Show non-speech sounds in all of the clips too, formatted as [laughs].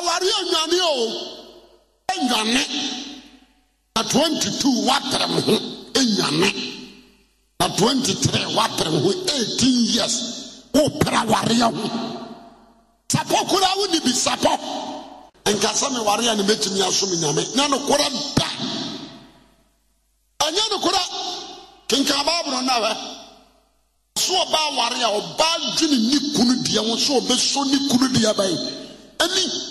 awari enyane o enyane na twenty two wapere mo ho enyane na twenty three wapere mo ho eighteen years wopere awari ho sapɔ kura awo ni bi sapɔ nkasa mi wari a ni metumi asom nyame na no kura da anya no kura kinkan baaburo na wɛ so ɔbaa wari a ɔbaa dwi ni kunu deɛ ho so ɔbɛso ne kunu deɛ bɛyi ɛni.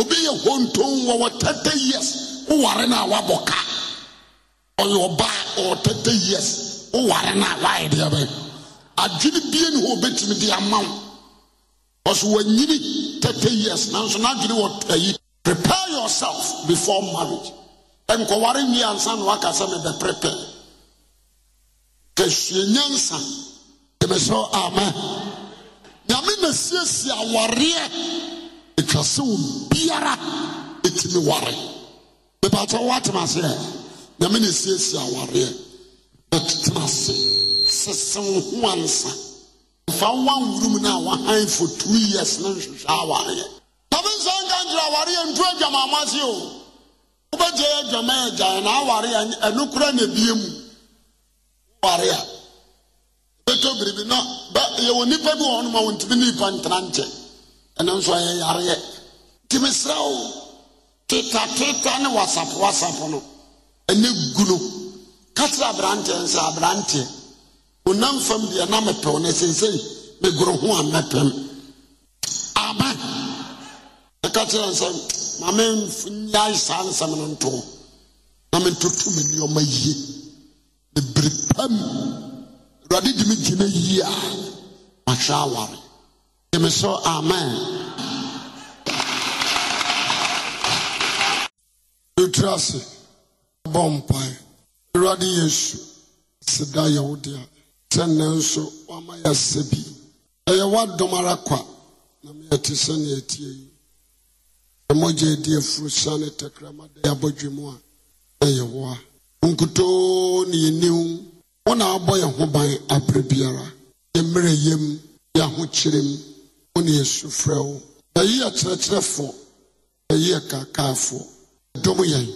obi yɛ hontom wɔ wɔ thirty years woware no a wabɔ ka ɔyɛ ɔbaa ɔwɔ thirty years woware no a waayɛ deɛ bɛn adwene bie ne hɔ obɛtumi de ama wo ɔso wanyini thirty years nanso n'adwene wɔ ayi prepare yourself before marriage nkɔware nwi ansa na waka sɛ mebɛ prepare kasua nyansa dɛmɛ sɛ amen nyame na siesie awareɛ ɛtwa sɛ obiara ɛtumi ware mepɛkyɛ woatem ase ɛ nyame ne siesie awareɛ bɛtena ase sese wo ho ansa mfa woanwurum no a wahan for two years ne nhwehwɛ awareɛ tafensa nka nkyerɛ awareɛ ntu adwamaama ase o wobɛgye yɛ adwama agyae na awareɛ ɛnokora na bie mu ware a bɛtɔ biribi na yɛwɔ nnipa bi wɔ hɔ nom wɔntumi ne nipa ntena nkyɛ ɛna nso ayɛ yareɛ tìmí srɛ o teta teta ne wasapo wasapo no ɛnɛ gu no kakyira aberanteɛ nsa aberanteɛ onam fam deɛ na mepɛw na seesei megoro ho a mɛpɛm amen ɛka kyerɛ nsɛm maame nyae saa nsɛm no nto na mentoto me nneɔma yie bebrepam awurade de me gyina yie a mahwɛ aware me so amen ɛtiri ase bɔ mpae awurade yesu seda yɛwo dea sɛ nnɛ nso wama yɛasɛ bi ɛyɛ woadɔm ara kwa na meyɛte sɛnea atie yi sɛ mogya adi afurusua ne tɛkrama da yɛabɔdwe mu a na yɛwoa nkutoo ne yɛniw wo na abɔ yɛ ho ban aberɛ biara yɛmmerɛ yam yɛahokyerɛ mu wo ne yɛsu frɛ wo ɛyi akyerɛkyerɛfoɔ ɛyi ɛkaakaafoɔ ɛdom yɛn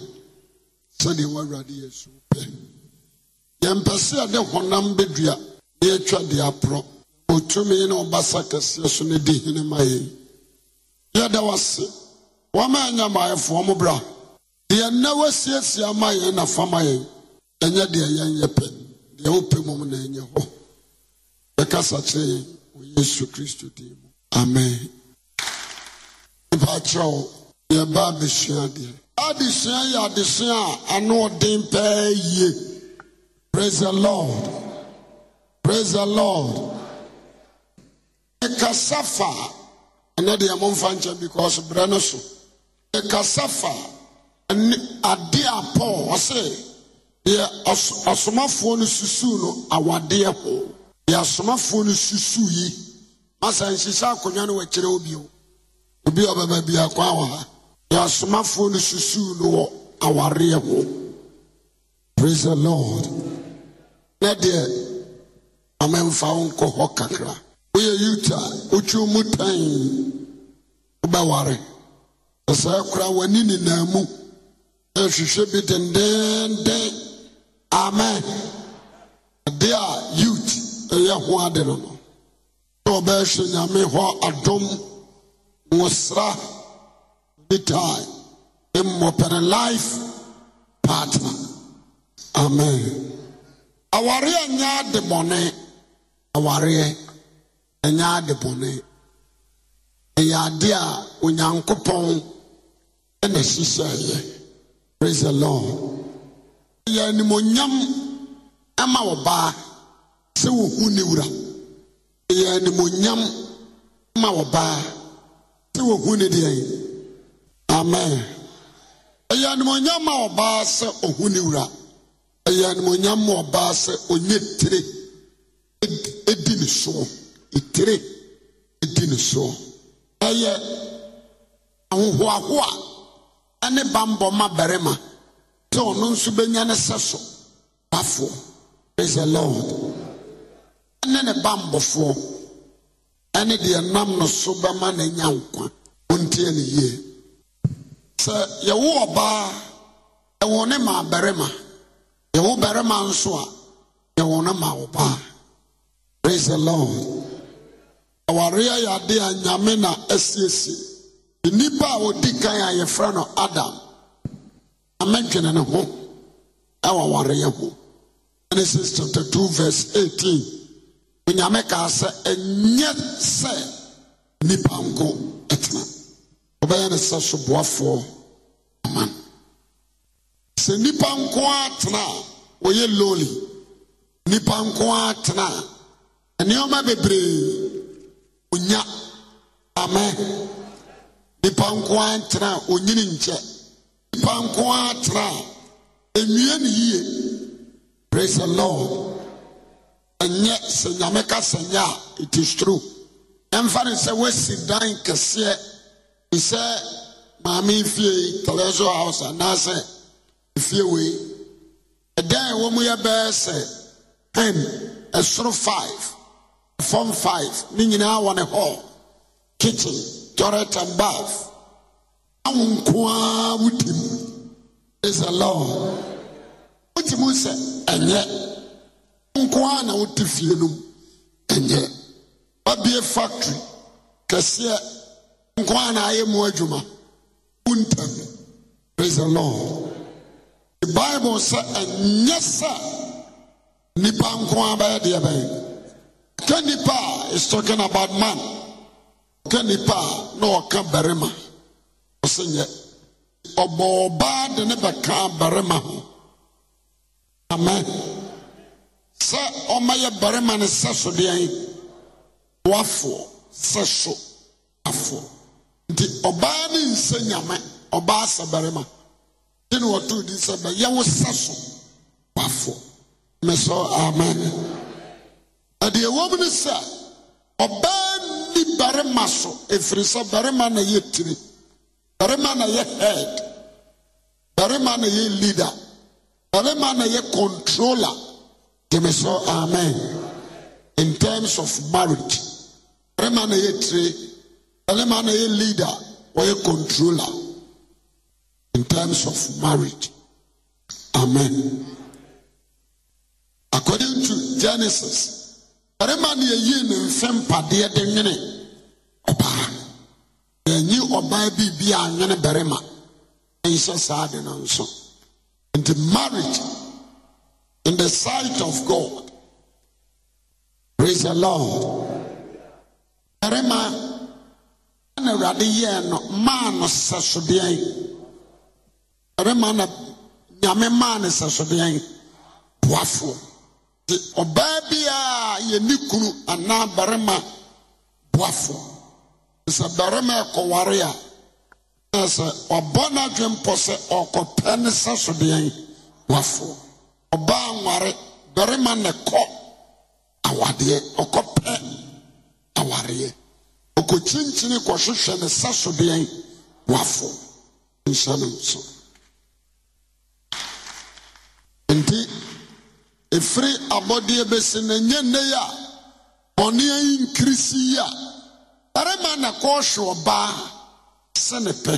sɛdeɛ wɔawurade yɛsu pɛ yɛmpɛ sɛ a ne honam bɛdua na yɛatwa deɛ aporɔ ɔtumi ne ɔbasa kɛseɛ so ne di hene ma yɛn yɛda wase wɔma ɛnyɛ maayɛfoɔ mo bra deɛ nnɛ wɔasiesie ama yɛn na fa ma yɛn ɛnyɛ deɛ yɛn yɛ pɛ deɛ wopɛ mom na ɛnyɛ hɔ yɛkasa kyerɛ yɛn wɔ yesu kristo din amen mpakyerɛ wo yɛba abɛsua deɛ adesua yɛ adesua a ano ɔden pɛɛ yie praise the lord praise the lord ɛkasa fa ɛnɛ deɛ momfa nkyɛ because berɛ no so ɛkasa fa ɛne ade a paul ɔse deɛ asomafoɔ no susuu no awadeɛ ho deɛ asomafoɔ no susuu yi masa nhyehyɛ akonnwa no wɔakyerɛ wo bio obi ɔbɛba bi awɔ ha yɛasomafoɔ no susuu no wɔ awareɛ ho praise the lord na deɛ amamfa wo nkɔ hɔ kakra woyɛ youth a wotwiw mu tan wobɛware sɛ kora w'ani nyinaa mu ɛhwehwɛ bi dendeenden amen adeɛ a youth ɛyɛ ho ade no no a ɔbɛhwɛ nyame hɔ adom nwosra ne time mmɔpɛre life partner amen awareɛ nyɛ ade bɔne awareɛ ɛnyɛ ade bɔne ɛyɛ ade a onyankopɔn ɛna hyehyɛeɛ praise the lord yɛ animonyam ama ɔbaa sɛ wɔhu ne wura yɛ nimonyam ma ɔbaa sɛ wohu ne deɛ amen ɛyɛ animonyam ma ɔbaa sɛ ohu ne wura ɛyɛ animonyam ma ɔbaa sɛ onye tire edi ne soɔ etire edi ne soɔ ɛyɛ ahohoahoa ɛne bambɔ ma barima sɛ ɔno nso benya ne sɛ so bafoɔ praise the lord. ne ne ba mbɔfoɔ ɛne deɛ nam no so bɛma n'anya nkwa ɔntie ne yie sɛ yɛwo ɔbaa yɛwo ne ma barima yɛwo barima nso a yɛwo ne ɔbaa praise the lord awareɛ yɛ a nyame na asiesie nnipa a wɔdi kan a yɛfrɛ no adam amɛdwene ne ho ɛwɔ awareɛ ho genesis chapter onyame kaa sɛ ɛnyɛ sɛ nipa nko ɛtena ne sɛ soboafoɔ aman sɛ nipa nko a tena a wɔyɛ loli nipa nko a tena a nneɛma bebree onya amɛ nipa nko a tena a onyini nkyɛ nipa nko a tena a ne yie praise the lord ɛnyɛ sɛ nyame ka sɛ nyɛ a it is true ɛmfa ne sɛ woasi dan kɛseɛ te sɛ maame fie teleso house anaasɛ fie wei ɛdan ɛwɔ mu yɛ bɛɛ sɛ ten ɛsoro five fam five ne nyinaa wɔ ne hɔ kitchen toilet and bath awo nko ara wotim is a law wotim sɛ ɛnyɛ. nko a na wote fie no mu ɛnyɛ wabie factory kɛseɛ nko a na ayɛ mu adwuma wontam praise the lord the bible sɛ ɛnyɛ sɛ nipa nko a bɛyɛ deɛ bɛyɛ kɛ nipa a is talking about man kɛ nipa a na ɔka barima ɔsɛ nyɛ ɔbɔ ɔbaa de ne bɛka barima ho amen. sɛ ɔmayɛ barima ne sɛ so deɛn wafoɔ sɛ so afoɔ nti ɔbaa ne nsɛ nyame ɔbaa sɛ barima nti ne wɔtoo di sɛ bɛyɛ wo sɛ so wafoɔ me sɛ amen na deɛ ɛwom ne sɛ ɔbaa ni barima so ɛfiri sɛ barima na yɛ tiri barima na yɛ head barima na yɛ leader barima na yɛ controller Give me so amen. In terms of marriage, Remana ye Remana ye leader, or a controller. In terms of marriage. Amen. According to Genesis, Remana ye yin fempa de dengene. Opa. Enyi ọbaa bi bi a nwene barima. Nhyɛ saa de no nso. Nti marriage in the sight of God. Praise the Lord. Erema na Awurade yɛɛ no maa no sɛsodeɛn. Erema na nyame maa no sɛsodeɛn boafoɔ. Nti ɔbaa bi a yɛni kunu anaa barima boafoɔ. Sɛ barima ɛkɔware a na sɛ ɔbɔ n'adwene oko sɛ ɔkɔpɛ ne sɛsodeɛn boafoɔ. ɔbaa nware barima na ɛkɔ awadeɛ ɔkɔpɛ awareɛ ɔkɔkyinkyini kɔhwehwɛ ne sɛ so deɛn wafo nhyɛ no so. nti ɛfiri abɔdeɛ bɛsi na ɛnyɛ nne yi a bɔnea yi nkirisi yi a barima na kɔɔhwe ɔbaa sɛ ne pɛ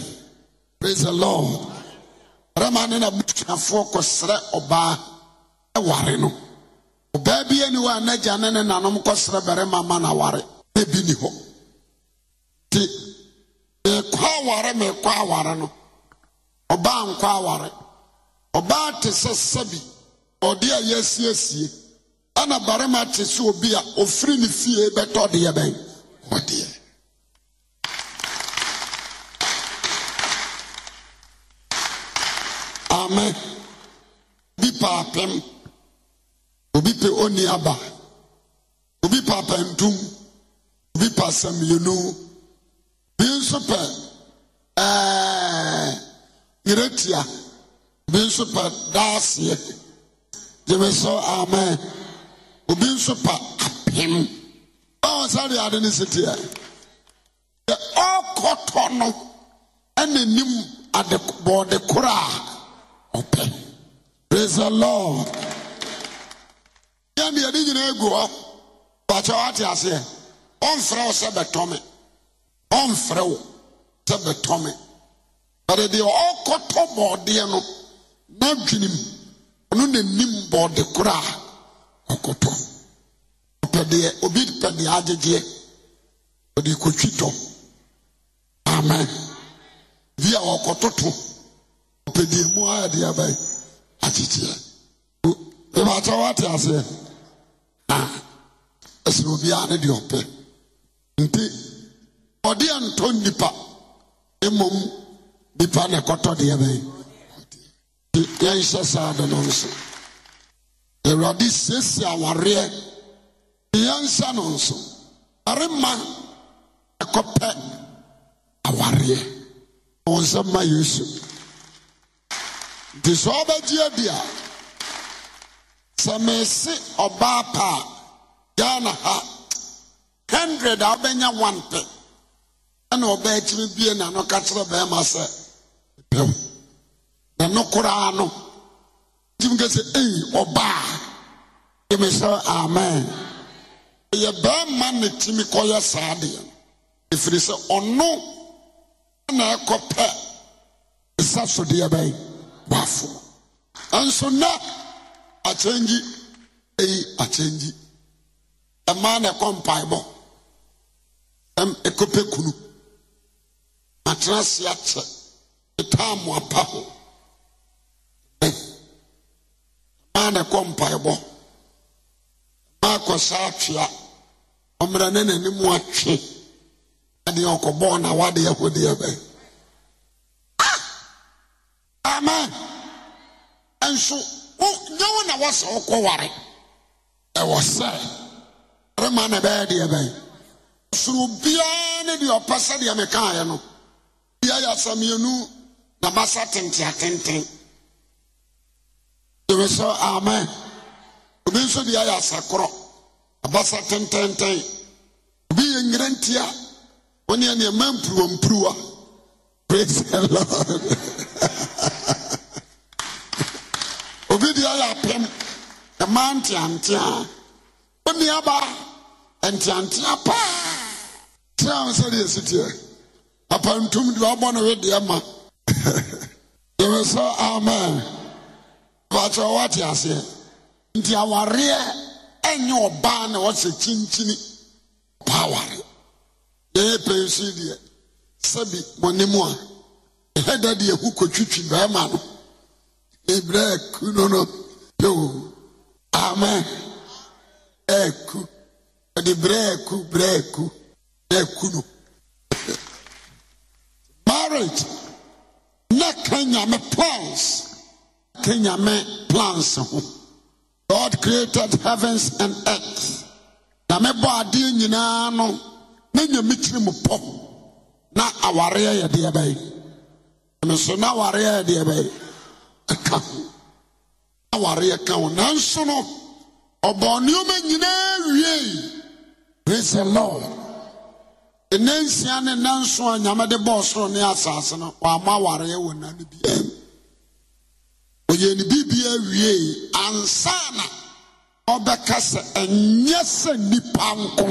praise the lord barima ne na butuafoɔ kɔsrɛ ɔbaa ɛware no ɔbaa bi ani hɔ a n'agya ne ne nanom kɔsrɛ barima ma na ware na bi ni hɔ nti meekɔ aware meekɔ aware no ɔbaa nkɔ aware ɔbaa te sɛ sɛbi ɔde a yɛasiesie ɛna barima te sɛ obi a ɔfiri ne fie bɛtɔ deɛ bɛn ɔdeɛ amen bi paapem obi pe oni aba obi pɛ apantum obi pɛ asɛmmienu obi nso pɛ ɛɛɛ eh, yeretia obi nso pɛ daaseɛ gyeme sɛ amen obi nso pɛ apem báwọn oh, sáré ade ne si teɛ yɛ ɔkɔtɔ no ɛna nim ade bɔɔde koro ɔpɛ praise the lord. yɛ mmienu nyinaa egu hɔ pàtɛ wate aseɛ ɔmfrɛ wo sɛ bɛtɔme ɔmfrɛ wo sɛ bɛtɔme bɛde deɛ ɔkɔtɔ bɔɔdeɛ no n'adwenem ɔno n'anim bɔɔde koro a ɔkɔtɔ ɔpɛ obi pɛ deɛ agyegyeɛ ɔde kotwi tɔ amen bia a ɔkɔtoto ɔpɛ mu ayɛ deɛ abɛn agyegyeɛ. mebakyɛ woate aseɛ na ɛsɛ obiara ne deɛ ɔpɛ nti ɔde ɛntɔ nnipa mmom nipa na ɛkɔtɔ deɛ bɛn nti yɛnhyɛ saa de no nso awurade siesie awareɛ yɛnhyɛ no nso ɛrema ɛkɔpɛ awareɛ wɔn nsɛm ma yesu nti sɛ ɔbɛgye adi a sɛ mese ɔbaa pa ghana ha 100 a wobɛnya 1 pɛ ɛna ɔbaa akyiri bie na no ka kyerɛ bɛrima sɛ pɛw na no koraa no ntimi ka sɛ ei ɔbaa gyeme sɛ amen ɛyɛ bɛrima ne timi kɔyɛ saa deɛ ɛfiri sɛ ɔno na ɛkɔpɛ ɛsa so deɛ bɛyɛ wafoɔ nso nɛ akyɛngyi eyi akyɛngyi mmaa na ɛkɔ mpaebɔ ɛm ekɔpɛ kunu atena ase akyɛ etaa mu apa ho mmaa na ɛkɔ mpaebɔ mmaa kɔsa atwea ɔmmerɛ ne atwe adeɛ na wadeɛ ho deɛ ah! amen No one na wɔsɛ I was ɛwɔ sɛ rema na ɛbɛyɛ deɛ bɛn soro biara ne deɛ ɔpɛ sɛ deɛ mekaeɛ no bia yɛ asɛmmienu na basa tenteatenten deme sɛ amen obi nso deɛ ayɛ asakorɔ abasa tententen obi yɛ nwera ntia wo neɛ neɛma praise the lord [laughs] obi deɛ ɔyɛ apem mmaa nteantea wo nneaba nteantea paa kyerɛ wo sɛdeɛ siteɛ apantum deɛ ɔbɔ ne wedeɛ ma yɛwɛ [laughs] sɛ amen bakyɛ wɔwate aseɛ nti awareɛ ɛnyɛ ɔbaa na ɔhyɛ kyinkyini ɔbaa aware yɛyɛ pɛnsi deɛ sɛbi wɔne mu a ɛhɛda deɛ ho kɔtwitwi bɛrima no ìbílẹ̀ ẹ̀kú nínú yòówù amen eku ẹ̀dí bílẹ̀ ẹ̀kú bílẹ̀ ẹ̀kú ẹ̀kú nù. marriage na ka plans ka plans ho god created heavens and earth na mebɔ adeɛ nyinaa no na nyame kyiri mu pɔ na awareɛ yɛ deɛ bɛyɛ ɛka ho awareɛ ka ho nanso no ɔbɔ nneɛma nyinaa wiei praise the lord nsia ne nanso a nyame de bɔɔ soro ne asase no wama awareɛ wɔ ansa na ɔbɛka sɛ ɛnyɛ sɛ nnipa nko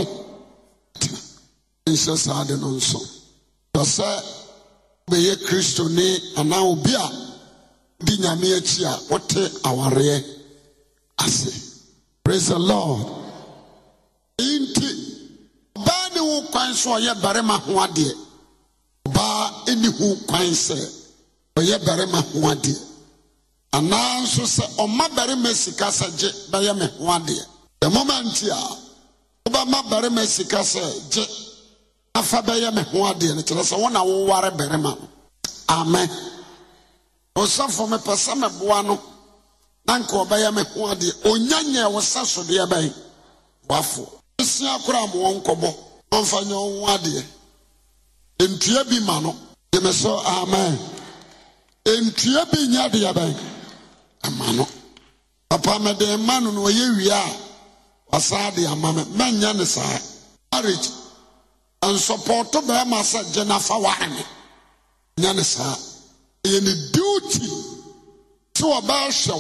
nhyɛ saa de no nso sɛ sɛ bɛyɛ kristoni anaa obi di nyame akyi a wote awareɛ ase Praise the lord Nti. ɔbaa ne ho kwan so ɔyɛ barima ho adeɛ ɔbaa ɛni ho kwan sɛ ɔyɛ barima ho adeɛ anaa nso sɛ ɔma barima sika sɛ gye bɛyɛ me ho adeɛ dɛ moma nti a wobɛma barima sika sɛ gye afa bɛyɛ me ho adeɛ no kyerɛ sɛ wo na woware barima no amen ɔsafo mepɛ sɛ meboa no na nka ɔbɛyɛ me ho adeɛ ɔnya nyɛ wo sa so deɛ bɛn wafo ɛsia koraa ma wɔn nkɔbɔ ɔmfa nyɛ wo ho adeɛ ntua bi ma no gyeme so amen ntua bi nyɛ deɛ bɛn ama no papa mede ma no na ɔyɛ wie a wasaa de ama me mɛnyɛ ne saa marriage nsɔpɔɔto bɛrima sɛ gye nafa ware me nyɛ ne saa ɛyɛ ne duty sɛ wɔbaa hwɛ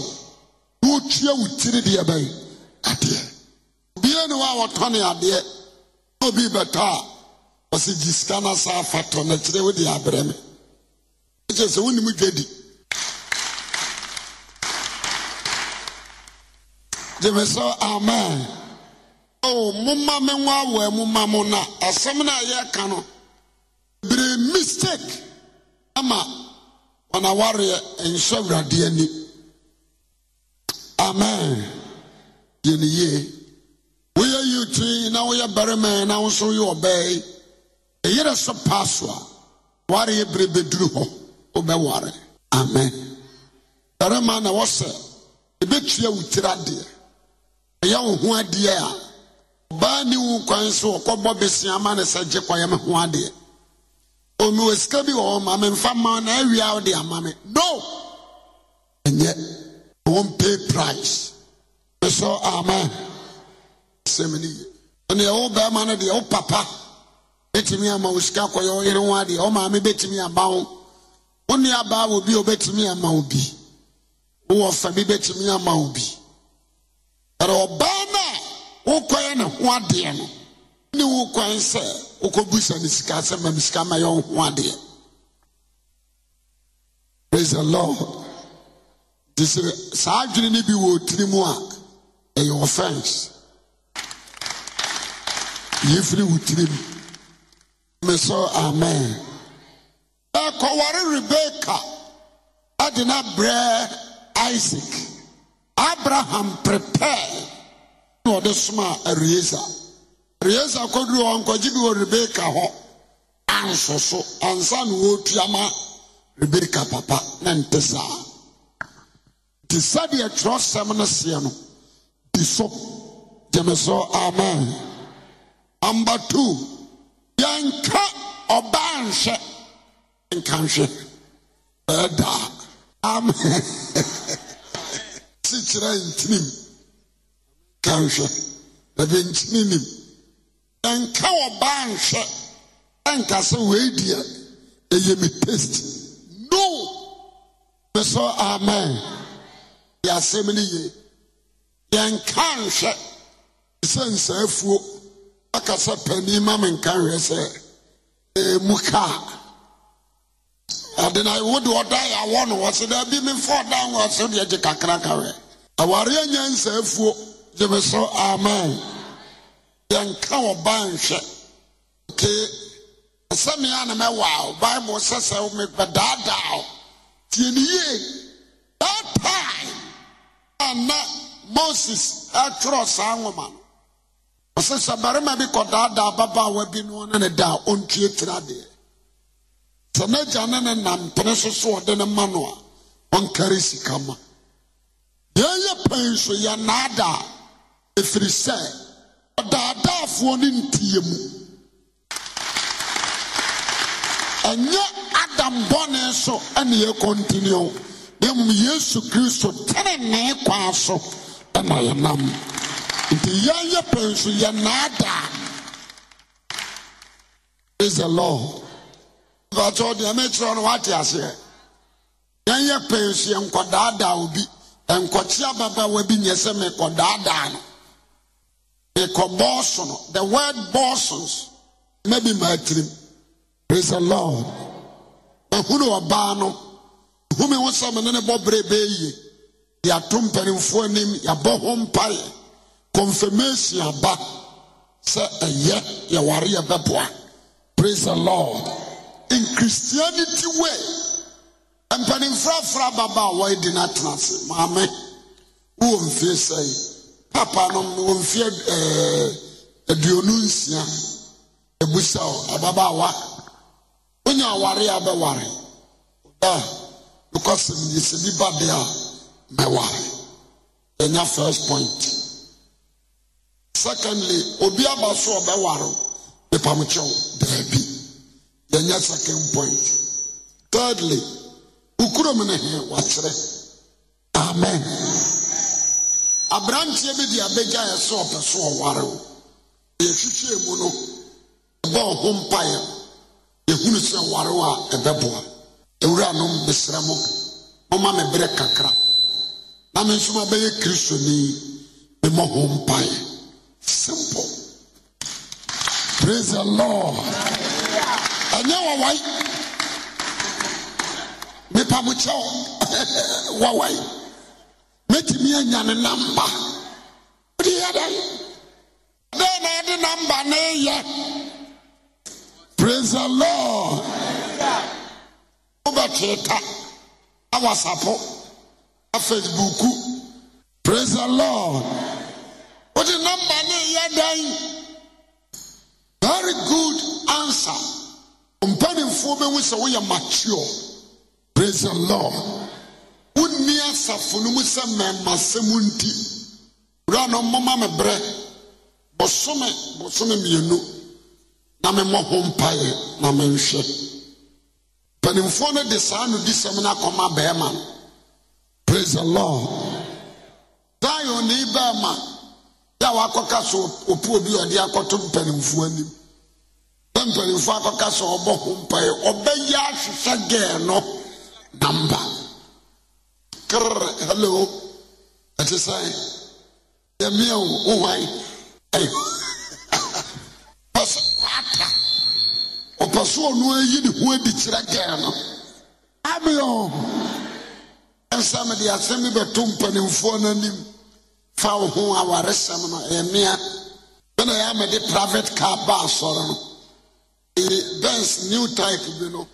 wo na wɔtua wo tiri deɛ bɛyɛ adeɛ bia ne wɔ a wɔtɔne adeɛ na obi bɛtɔ a wɔsɛ gyi sika no asa afa tɔ na kyerɛ wode abrɛ me ɛkyɛ sɛ wonim dwa di gyeme sɛ amen o momma me ho awoa mu ma mo na asɛm no a yɛreka no bere mistake ama ɔnawareɛ nhyɛ awurade ani amen yɛ ne yie woyɛ yiwtiri na woyɛ barima na nso woyɛ ɔbaa yi ɛyerɛ sɛ paa so a wareɛ bere bɛduru hɔ wobɛware amen barima na wɔsɛ ɛbɛtua wo tiri adeɛ ɛyɛ wo ho adeɛ a ɔbaa ne wo kwan so ɔkɔbɔ bɛsia ma ne sɛ gye kɔyɛ me ho adeɛ onu esika bi wɔ hɔ maame nfa ma na ewia ɔde ama mi no ɛnyɛ wɔn pay price ɛsɛ amen sɛm ni yie ɛna ɛwɔ bɛrima no deɛ ɔwɔ papa betumi ama wo sika kɔyɛ ɔyere ho adeɛ ɔwɔ maame betumi ama wo wɔn ni abaa wɔ bi ɔbɛtumi ama wo bi wɔwɔ fa ama wo bi ɛna ɔbaa no a wɔkɔyɛ ne ho adeɛ no ne wɔkɔyɛ nsɛɛ wokɔbusa no sika sɛ mam sika ma yɛnho adeɛ praise the lord nti sɛ saa adwene no bi wɔ tiri mu a ɛyɛ offense yɛfiri wo tirim me so amen ɛkɔware rebeka ɛde no brɛ isaac abraham prepare na ɔde soma arieser yesu akɔduru hɔ nkɔgye bi wɔ rebeka hɔ ansoso ansa na wɔretua ma rebeka papa na nte saa nti sɛdeɛ twerɛsɛm no seɛ no di so gyeme so amen number two yɛnka ɔbaa nhwɛ nka nhwɛ ɛdaa amen sikyerɛ [laughs] ntinim ka nhwɛ ɛbɛ ntini ɛnka ɔbaa nhwɛ ɛnka sɛ wei deɛ ɛyɛ me taste no me sɛ amen yɛasɛm no yie yɛnka nhwɛ e sɛ nsaafuo aka sɛ pani ma me nka nhwɛ sɛ ɛmu e, kaa ade na wode ɔda yɛ awɔ no wɔ se daa bi memfa ɔda wɔ so deɛ gye kakra ka wɛ nsaafuo gye me so amen yɛnka ɔbaa nhwɛ okay ɛsɛ me a na mɛwɔ a bible sɛ sɛ mebɛdaadaa o tie ne that time a moses ɛtwerɛ saa nwoma no ɔsɛ sɛ barima bi kɔdaadaa ababaawa bi no ne ne da a tira deɛ sɛ ne ne nampene so so ɔde ne ma no a ɔnkari sika ma deɛ yɛ pɛn so yɛ naadaa ɛfiri ɔdaadaafoɔ ne ntie mu ɛnyɛ adam bɔne so ɛna yɛ kɔntinio na mmom yesu kristo tenenee kwaa so ɛna yɛnam nti yɛnyɛ pɛn so yɛnaadaa praise the lord nkakyɛ ɔde ɛmɛ kyerɛ no wate aseɛ yɛnyɛ pɛn so yɛnkɔdaadaa obi ɛnkɔkye ababaawa bi nyɛ sɛ mekɔdaadaa no yɛkɔ bɔɔso no the word bɔɔsos maybe my dream. praise the lord ɛhunu ɔbaa no humi ho sɛm ne ne bɔ bere bɛyie yɛato mpanimfoɔ anim yɛabɔ ho mpaeɛ confirmation aba sɛ ɛyɛ yɛware yɛbɛboa praise the lord in christianity way mpanimfoɔ afra baba a wɔyɛ di no atena ase maame wowɔ mfie papa no wɔ mfeɛ ɛɛ eh, aduonu nsia ebusa ababaawa onye awari abɛware ɔda because nyese bi ba de a mɛware ɛnya first point secondly obi aba so ɔbɛware nipamukyɛw daabi yɛnya second point thirdly ne amen. aberanteɛ bi de abɛgya yɛ sɛ ɔpɛ so ɔware o yɛhwehwɛ mu no ɛbɛ ɔho mpaeɛ yɛhunu sɛ ware o a ɛbɛboa ewura no mesrɛ mo moma me berɛ kakra na me nso mabɛyɛ kristoni memmɔ ho mpaeɛ simple praise the lord ɛnyɛ wɔwae mepa mo kyɛw [laughs] wɔwae mɛtumi anya ne namba wode yɛ dɛn dɛn na ɛde namba na ɛyɛ praise the lord wobɛtweeta awasapo afacebooku praise the lord wode namba na ɛyɛ dɛn very good answer mpanimfoɔ bɛhu sɛ woyɛ mature praise the lord wonni asafo no mu sɛ mmɛmmasɛm nti wura no mmɔma me brɛ bɔsome bɔsome mmienu na memmɔ ho mpaeɛ na menhwɛ mpanimfoɔ no de saa no di sɛm no akɔma bɛrima no praise the lord zion ne bɛrima yɛ a wakɔka so opuo bi ɔde akɔto mpanimfoɔ anim na mpanimfoɔ akɔka so ɔbɔ ho mpaeɛ ɔbɛyɛ ahwehwɛ gɛɛ no namba krr hello ɛte sɛn yɛmea wo wo hwan pɛ sɛ wata ɔpɛ sɛ ɔno ayi ne ho adi kyerɛ gɛɛ no ameɛ ɛnsa mede asɛm bi bɛto mpanimfoɔ no anim fa wo ho awaresɛm no ɛmea bɛna ɛyɛ amede private car baa sɔre no bens new type bi no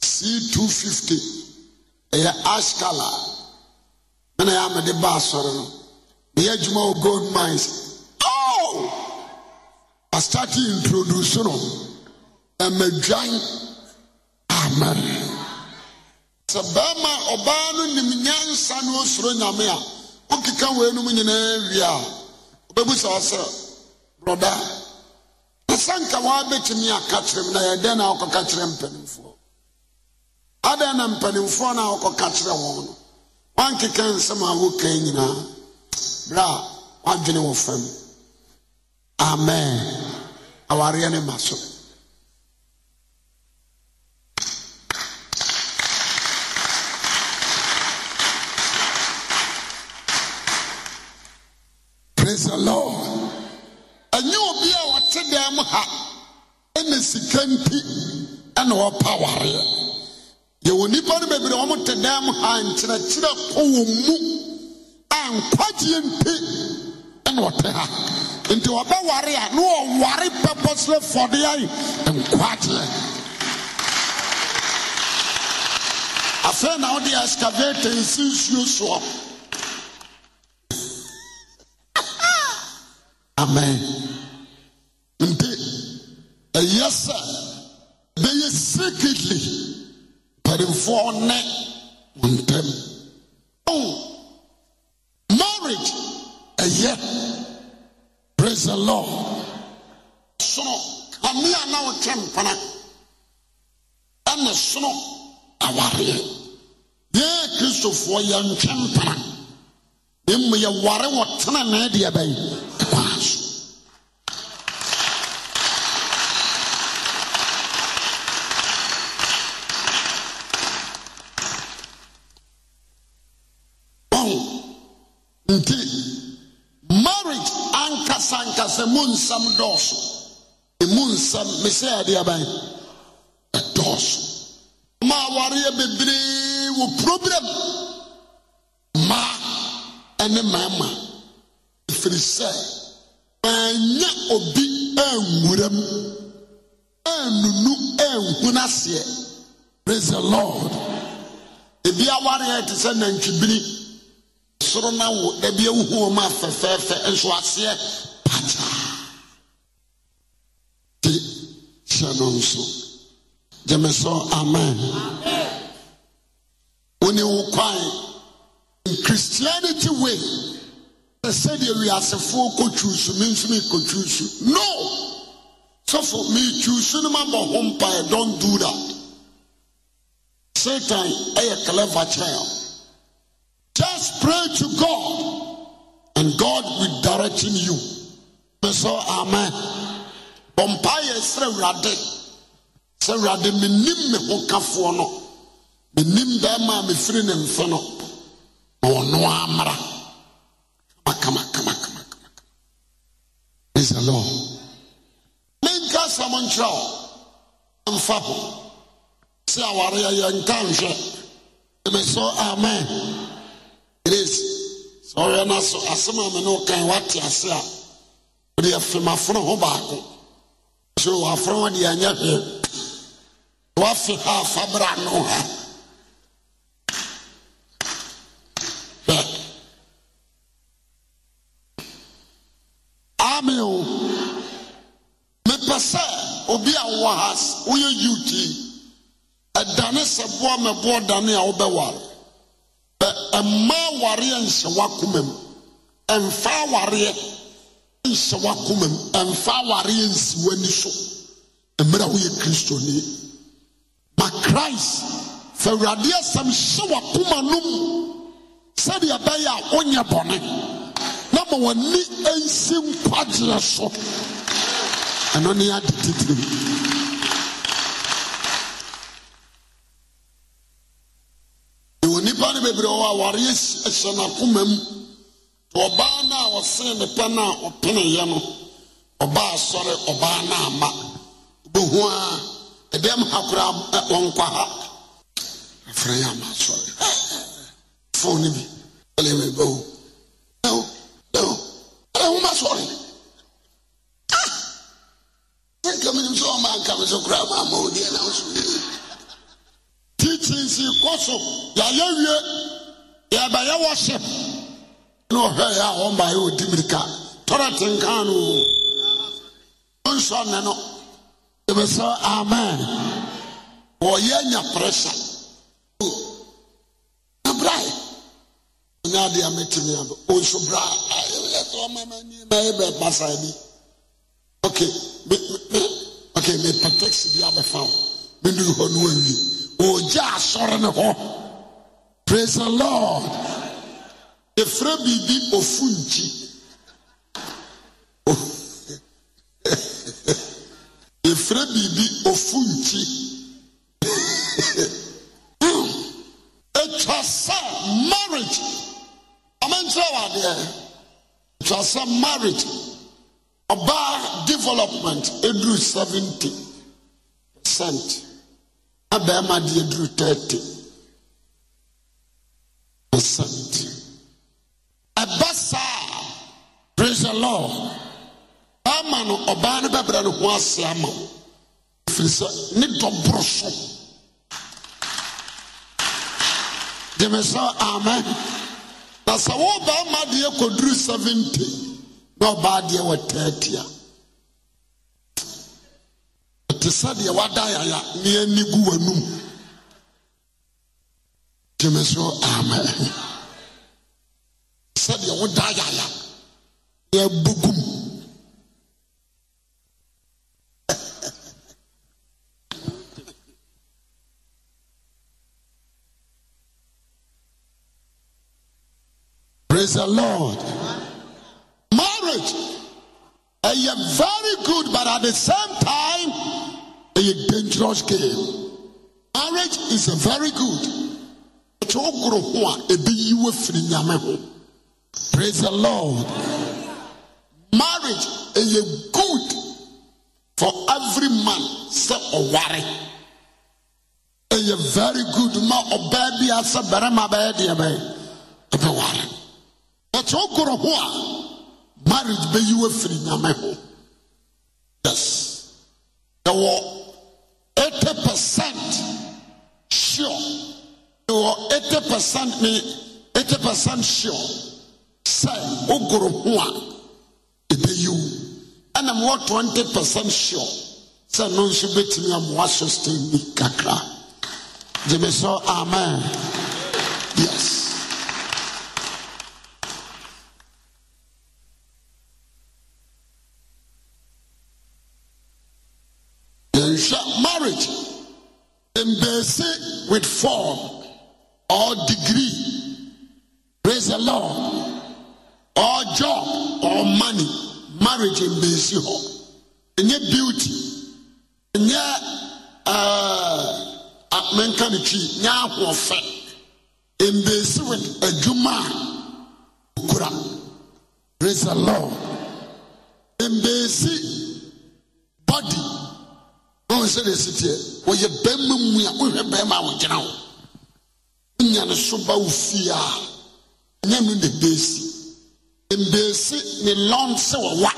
c250 ɛyɛ ash color ɛna yɛ amede ba asɔre no meyɛ adwuma wɔ gold mines oh! astarte introduce no ɛmadwan amen sɛ bɛrima ɔbaa no nim nyansa na ɔsuro nyame a wokeka wɔanom nyinaa wie a wobɛbusa wɔ sɛ brɔda na sɛnka wɔabɛtumi aka kyerɛ m na yɛdɛn na wokɔka kyerɛ mpanimfoɔ adɛn na mpanimfoɔ no a wokɔka kyerɛ wɔn no wankeka nsɛm a woka nyinaa berɛ a wadwene wɔ fam amen awareɛ ne ma so praise the lord ɛnyɛ obi a wɔte dɛm ha ɛne sika nti ɛna wɔpa awareɛ yɛwɔ nnipa no bebree wɔn te dan mu ha nkyerɛkyerɛ kɔ wɔn mu a nkwagyeɛ mpe ɛna ɔte ha nti wɔbɛware a na wɔware pɛpɔsɛ fɔde ayɛ nkwagyeɛ afei na wɔde excavator esi nsuo soɔ amen nti ɛyɛ sɛ bɛyɛ secretly mpanimfoɔ ne wɔn ntam oh marriage ɛyɛ praise the lord sono kamea na wotwe mpana ɛne sono awareɛ yɛɛ kristofoɔ yɛntwe mpana na mmom yɛware wɔ tenenee deɛ bɛyɛ nti marriage ankasa ankasa mu nsɛm dɔɔso emu nsɛm mesɛ yɛde aban ɛdɔɔso ma awareɛ bebree wɔ problem mmaa ɛne mmarima ɛfiri sɛ ɛnyɛ obi ɛnwura mu ɛnunu ɛnhun aseɛ praise the lord ebi awareɛ te sɛ nantwibiri. soro na wo dabi ehu wɔn a fɛfɛɛfɛ nso aseɛ pataa ti hyɛ no nso gyeme sɛ amen wone wo kwan christianity way sɛ sɛdeɛ wiasefoɔ kɔtwuusu me nso mekɔtwuusu no sɔfo metwuusu no mabɔ ho mpae don't do that satan ɛyɛ clever child just pray to God, and God will direct in you. So, Amen. Bompaye sre rade. Sre rade minim me hokafoɔ no. Minim dama me firi ne mfe no. Na ɔno amara. Kama kama kama kama. Praise the Lord. Menka samu nkyerɛ o. Mfa ho. Sɛ so amen. amen. grace sɛ ɔyɛ no so asɛm a me ne wokan wate ase a wode afemaforo ho baako so waforo ho deɛ anyɛ hwee wafe ha fa bra no ha Amen. Mepɛ sɛ obi a wɔ ha woyɛ youth yi ɛdane sɛ boa mɛboɔ dane a wobɛware sɛ mmaa wareɛ nhyɛ wakoma mu mfa awareɛ nhyɛ wakoma mu mfa awareɛ nsi w'ani so mmerɛ a woyɛ kristoni ma christ fa awurade asɛm hyɛ wakoma no mu sɛdeɛ ɛbɛyɛ a number one na ma w'ani so ɛno bebree wɔ awareɛ hyɛ n'akoma mu ɔbaa no a ɔsen ne pɛ no a ɔpeneyɛ no ɔbaa sɔre ɔbaa no ma bohu a ɛdɛm ha koraa ɔnkɔ ha afrɛ yɛ ama sɔre fone bi ɛle me bɛ o ɛwo ɛwo ɛle homa sɔre sɛ nkaminim sɛ ɔma nkame so koraa ma ama odiɛ na wosoyɛ teachings kɔ so yɛayɛ wie yɛbɛyɛ worship na ɔhwɛ yɛ a ɔmba yɛ ɔdi mirika tɔrɛte nkaa o nsɔ ne no ɛbɛsɛ amen wɔyɛ nya pressure brae ɔnyɛ adeɛ a mɛtumi ado ɔnso bra yɛ sɛ ɔma ma ni ma yɛ bɛba saa bi okay me me okay me protection bi abɛfa wo me nu hɔ no awie ogya asɔre ne hɔ praise the lord efra biribi ofu nkyi oh. [laughs] efra biribi ofu nkyi [laughs] etwa sɛ marriage amankyerɛ wɔ adeɛ etwa sa marriage ɔbaa development eduru seventy percent. abɛɛma deɛ duru tɛɛte asante ɛba saa praise the lord ama no ɔbaa no bɛbrɛ ne ho ase ama wo ɛfiri sɛ ne dɔboro so gyeme sɛ amen na sɛ wo bɛɛma deɛ kɔduru 70 na ɔbaa deɛ wɔ 30 a te sɛdeɛ wada yaya ne ani gu w'anum gyeme so amen sɛdeɛ woda yaya ne abu gum praise the lord marriage ɛyɛ very good but at the same time a dangerous game. Marriage is a very good. Praise the Lord. Marriage is a good for every man. Say oware. A very good ma obebi asa berema bedi ebe ebe ware. Etokoro ho a marriage be you free Yes. The war 80% sure. You are 80% me, 80% sure. Say, Ogoro Hua, Ibe you. And I'm what 20% sure. Say, no, you should be to me, I'm what sustain me, Kakra. Jimmy, so, Amen. Yes. Embassy with form or degree, praise the Lord, or job or money, marriage embassy, hɔ. Nye beauty, nye ɛɛ menka ne twi, nye ahoɔfɛ, embracing with adwuma a okura, praise the Lord, embassy body. ɔn sɛ de si teɛ wɔyɛ bɛrima mu a wohwɛ bɛrima a wɔgyina ho wonya ne so ba wo fie a ɛnyɛ no ne beesi mbeesi ne lɔn sɛ wɔwa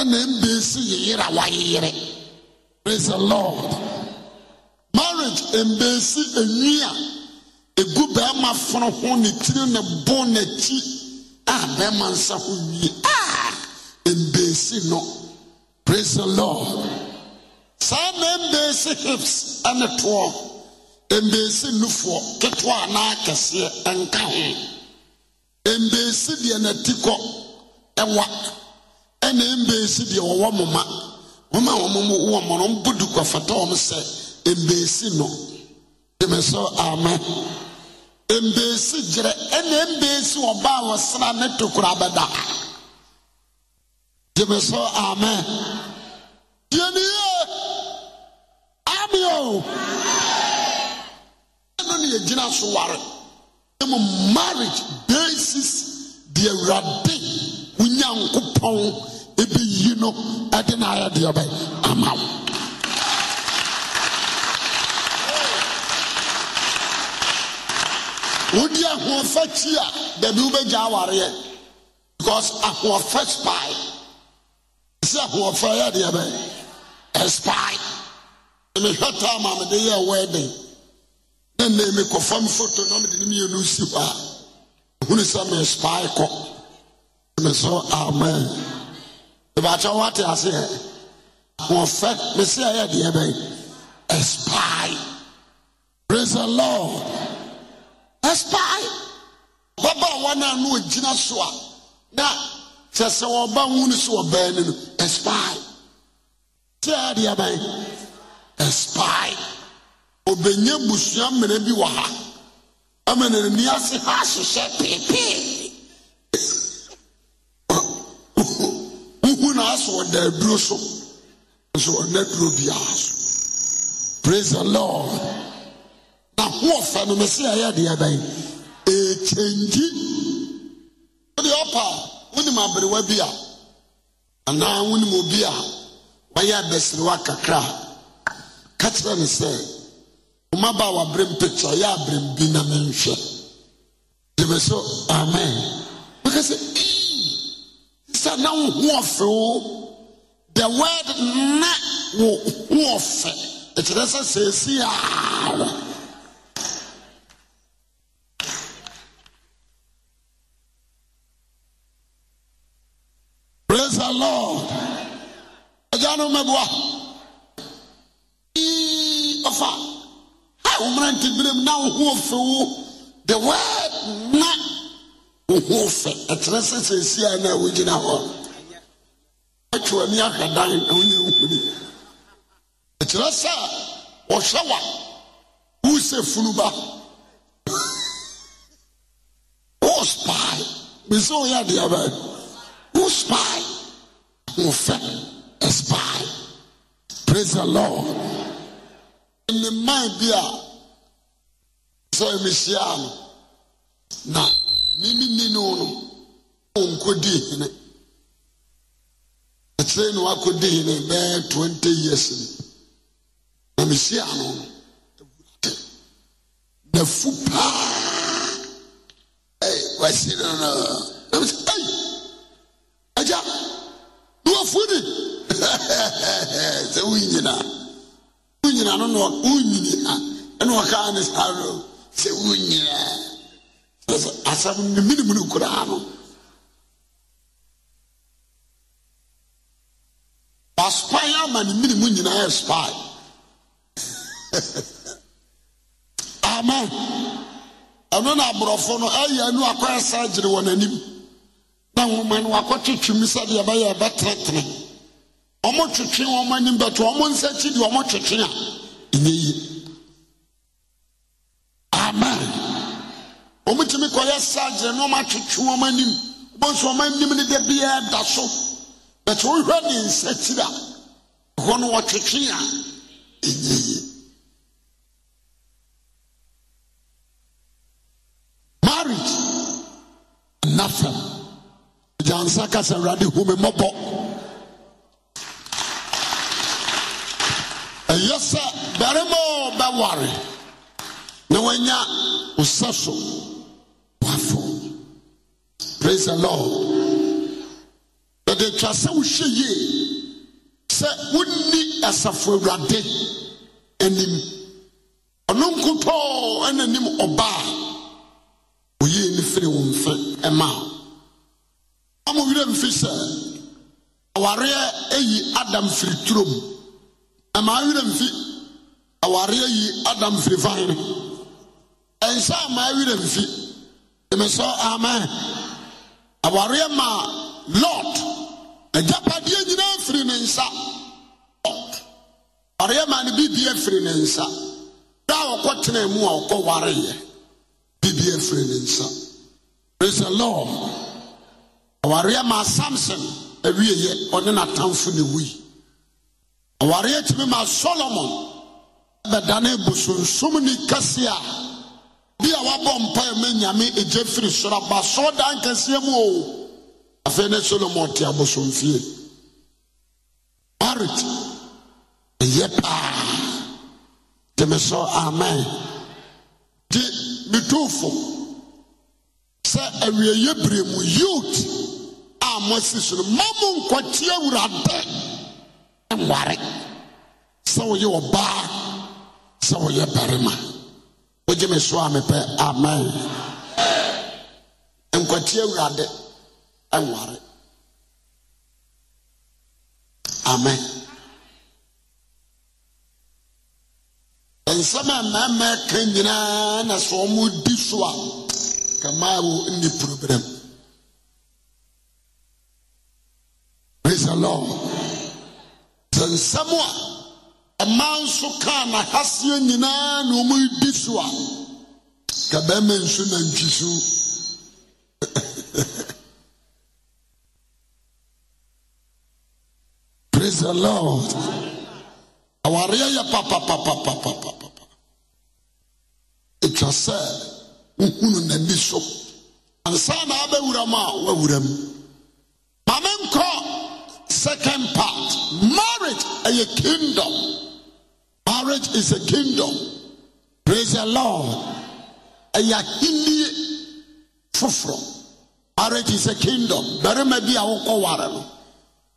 ɛna mbeesi yeyere a wayeyere praise the lord marriage mbeesi enwi a egu bɛrima fono ho ne tiri ne bo n'akyi a bɛrima nsa ho wie a mbeesi no praise the lord. saa na mbeesi hips ne toɔ mbeesi nufoɔ ketewa anaa kɛseɛ nka ho mbeesi deɛ n'ati kɔ ɛwa ɛna mbeesi deɛ ɔwɔ moma wɔn a wɔn wɔ mɔ no bu du kɔfata wɔn sɛ mbeesi no dɛmɛ sɛ amen mbeesi gyerɛ ɛna mbeesi ɔbaa wɔsra ne tokura bɛda dɛmɛ sɛ amen yɛn ni yɛ. mma mi o ɛno ne yɛgyina so ware mmom marriage basis deɛ awurade wo nyankopɔn ɛbɛyi no ɛde na ayɛ deɛ ɔbɛ ama wo wodi ahoɔfɛ kyi a dabi wobɛgya awareɛ because ahoɔfɛ spy sɛ ahoɔfɛ yɛ deɛ bɛ ɛspy mehwɛ taa ma mede yɛ wɛden na nne mi kɔfam foto na mede ne mmienu si hɔ a ɛhunu sɛ mespae kɔ me so amen mebakyɛ woate aseɛ wɔfɛ mese ɛyɛ deɛ bɛn ɛspae praise the lord ɛspae baba a wɔn a no ogyina so a na kyɛ sɛ wɔba nwunu so wɔ bɛn no no ɛspae sɛ ɛyɛ deɛ bɛn A spy obenye busua mmere bi wɔ ha ama na n'ani ase ha ahyehyɛ peepee huhu na aso ɔda aduro so nso ɔna aduro biara so praise the lord na ho ɔfɛ no mɛ si ayɛ deɛ bɛn ekyɛngyi wɔde ɔpa wonim aberewa bi a anaa wonim obi a wɔyɛ abɛsiriwa kakra a. ka kyerɛ ne sɛ ɔmaba a wabrem picture yɛ abrem bi na menhwɛ dèbè so amen Because sɛ ee sɛ na wò ho ɔfɛ o the word na wò ho ɔfɛ ɛkyerɛ sɛ sɛɛsi Praise the Lord. Ẹja nu mmerante berɛ mu na ho ɔfɛ wo the word na wo ho ɔfɛ ɛkyerɛ sɛ sɛsia na wogyina hɔ atwe w'ani ahwɛ dan na wonyɛ nhuni ɛkyerɛ sɛ ɔhwɛ wa wo sɛ funu ba wo spy adeɛ baa wo spy wo fɛ a spy praise the lord in the mind bi a sɛ mehyiaa no na memenni no no ɔnkɔdii hene ɛkyerɛ ne di hene bɛɛ 20 years ni na mehyiaa [laughs] no no awurade nafu paa wasi no no na mesɛ ei agya ne wafu ni sɛ wonyina wonyina no na wonyini a ɛne wakaa ne saa sɛ wo oh, nyinaa ɛsɛ asɛm ne minimuno koraa no waspy ama ne minimu nyinaa spy [laughs] amen ɛno na aborɔfo no ɛyɛ anu akɔyɛ surgery wɔ anim na nwoma no wakɔtwetwe mu sɛdeɛ ɛbɛyɛ ɛbɛtenetene ɔmotwetwe wɔn anim bɛto ɔmo nsa akyi deɛ ɔmotwetwe a ɛnyɛ yie amen wɔmutumi kɔyɛ surgery na ɔmatwetwe wɔn anim wɔn nso wɔn anim ne de biara da so bɛtɛ wohwɛ ne nsakyiri a hɔ no a ɛnyɛ yie marriage nafam gyansa kasa awurade hu me mmɔbɔ ɛyɛ sɛ barima ɔbɛware wanya ɔsa so wafo praise the lord yɛde twa sɛ wohwɛ yie sɛ wonni asafo awurade anim ɔno nkotɔɔ ɛnanim ɔbaa oyie ne firi wo mfe ɛma ama werɛ mfi sɛ awareɛ ayi adam firi turom ɛma werɛ mfi awareɛ yi adam firi fan ɛnhyɛ ama awira me fi amen awareɛ ma lord agyapadeɛ nyinaa firi ne nsa awareɛ ma ne bibia firi ne nsa da a wɔkɔtena mu a wɔkɔ wareyɛ bibia firi ne nsa praise the lord awareɛ ma samson awieyɛ ɔne n'atamfo ne wui awareɛ tumi ma solomon bɛdane bosonsom ne kɛse a bi a wabɔ mpa ɛmɛ nyame egye firi soro aba sɔɔdan kɛseɛ mu o afei ne solomon te abosomfie marit ɛyɛ paa tẹmɛ sɔ amen di bitufo sɛ awieyɛ bere mu yiwt a mo asi so no mamu nkɔkye ɛnware sɛ wɔyɛ ɔbaa sɛ wɔyɛ barima. wogye me so a mepɛ amen nkwakye awurade nware amen nsɛm a mmarima ka nyinaa na sɛ wɔmodi so a kamaawo nni problem praise the lord sɛ nsɛm a ɔman nso kaa n'ahaseɛ nyinaa na wɔn di so a ka nso na ntwi so [laughs] praise the lord awareɛ yɛ papapapapapapa atwa sɛ wohunu n'ani so ansa na abɛwura mu a wawura mu maame nkɔ second part marriage ɛyɛ kingdom marriage is a kingdom praise the lord ɛyɛ ahenni foforɔ marriage is a kingdom barima bi a wokɔ ware no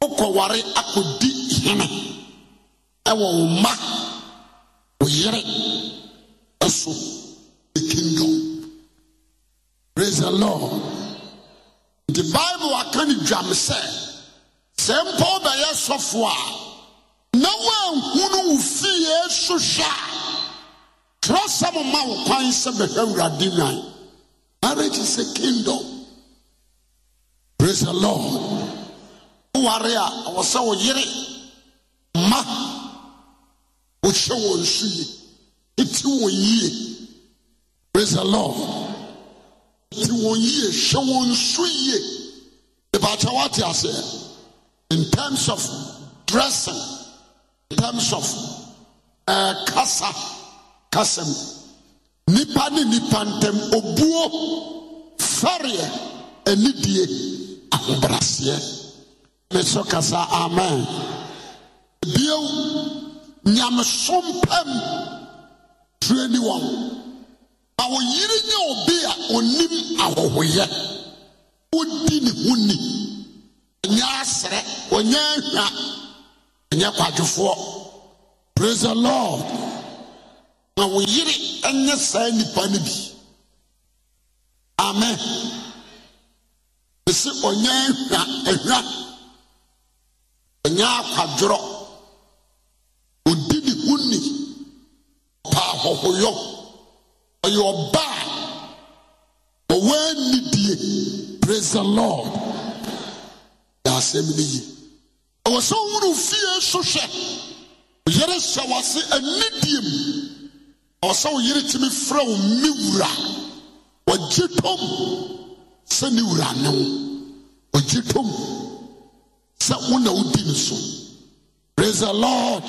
wokɔ ware akɔdi hene ɛwɔ wo ma wo yere ɛso the kingdom praise the lord the bible aka ne dwam sɛ sɛ mpo na woanhunu wo fii yesu hwɛ a kyerɛsɛm ma wo kwan sɛ bɛhwɛ awurade nwan marriage is a kingdom praise the lord woware a ɛwɔ sɛ wo yere ma wohyɛ wɔ nsu yi ɛti wɔ yie praise the lord ɛti wɔ yie hyɛ wɔ nsu yie ɛbaakyɛ woate aseɛ in terms of dressing in terms of uh, kasa kasɛm nipa ne nipa ntɛm obuo fɛreɛ anidie ahobraseɛ me so kasa amen bio nyamesom pam turo ni wɔn ma wɔyere nyɛ obi a onim ahɔhoyɛ wodi ne ho ni ɔnyɛ asrɛ ɔnyɛ ahwa ɛnyɛ kwadwofoɔ praise the lord na wo yere ɛnyɛ saa nnipa no bi amen ɛsɛ ɔnyɛ ahwa ahwa ɔnyɛ akwadworɔ ɔdi ne ho ni ɔpa ahɔhoyɔ ɔyɛ ɔba a ɔwɔ anidie praise the lord yɛ asɛm no yie ɛwɔ sɛ wowuru fie so hwɛ yere hyɛ wase anidie mu ɛwɔ sɛ wo yere tumi frɛ wo me wura wɔgye tom sɛ ne wura ne wo ɔgye tom sɛ wo na wodi ne so praise the lord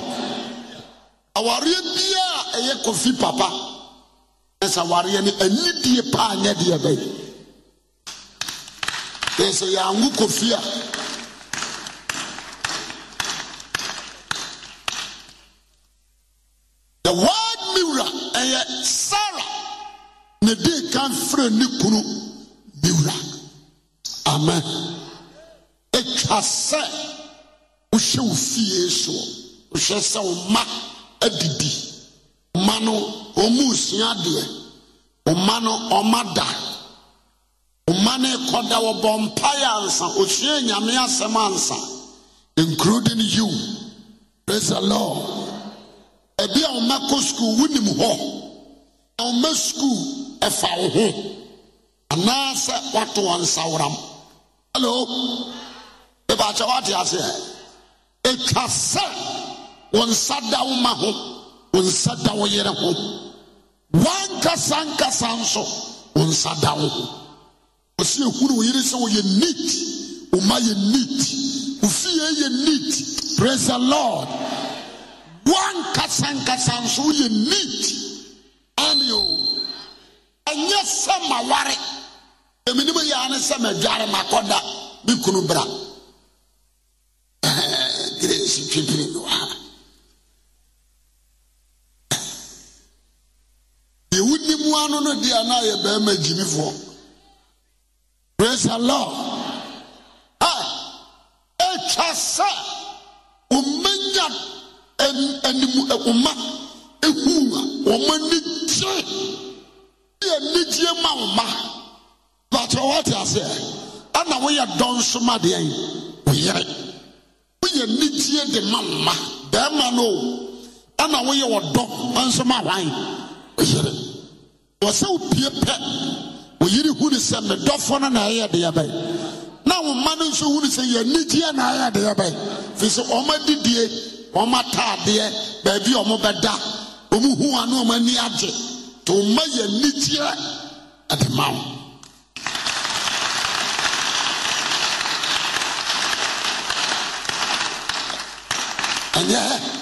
awareɛ bia a ɛyɛ kofi papa ɛsɛ awareɛ no anidie paa nyɛ deɛ bɛyi ɛsɛ yɛango kofi a the word miwura ɛyɛ Sarah. na di kan fira ne kunu miwura amen atwa sɛ wohyɛ wo fie soɔ wohyɛ sɛ wo ma adidi ma no ɔmu sua adeɛ ɔma no ɔma da ɔma no kɔda wɔbɔ mpaeɛ ansa ɔsua nyame asɛm ansa including you praise the lord baabi a wɔma kɔ sukuu wonim hɔ na wɔma sukuu ɛfa wo ho anaasɛ woato wɔn nsaworam hello bɛbaakyɛ woate aseɛ ɛtwa sɛ wo nsa da wo ma ho wo nsa da wo yere ho wankasa nkasa nso wo nsa da wo ho ɔsi ehunu wo yere sɛ wɔyɛ neat wo ma yɛ neat wo yɛ neat praise the lord. One nso woyɛ neat aneo ɛnyɛ sɛ maware ɛmenim yɛa ne sɛ madware makɔda me kunu bra [laughs] grace twipiri no ha deɛ ano no deɛ na yɛ bɛrima praise the lord ɛtwa sɛ anim ɔma ehu a ɔma ani kyerɛ yɛ anigyeɛ ma ɔma bàtà wɔte ase ɛna woyɛ dɔn so ma deɛ woyɛrɛ woyɛ anigyeɛ de ma ɔma bɛrima no ɛna woyɛ ɔdɔ nso ma wan woyɛrɛ wɔsɛ wopie pɛ oyiri hu ne sɛ me dɔfo no na ɛyɛ deɛ bɛyɛ na wo ma no nso hu ne sɛ yɛ anigyeɛ na ɛyɛ deɛ bɛyɛ firi sɛ ɔma didie wɔn ataadeɛ baabi a wɔn bɛda wɔn hu ano wɔn ani agye to wɔn ayɛ anigyeɛ ɛde ma wɔn. ɛnyɛ.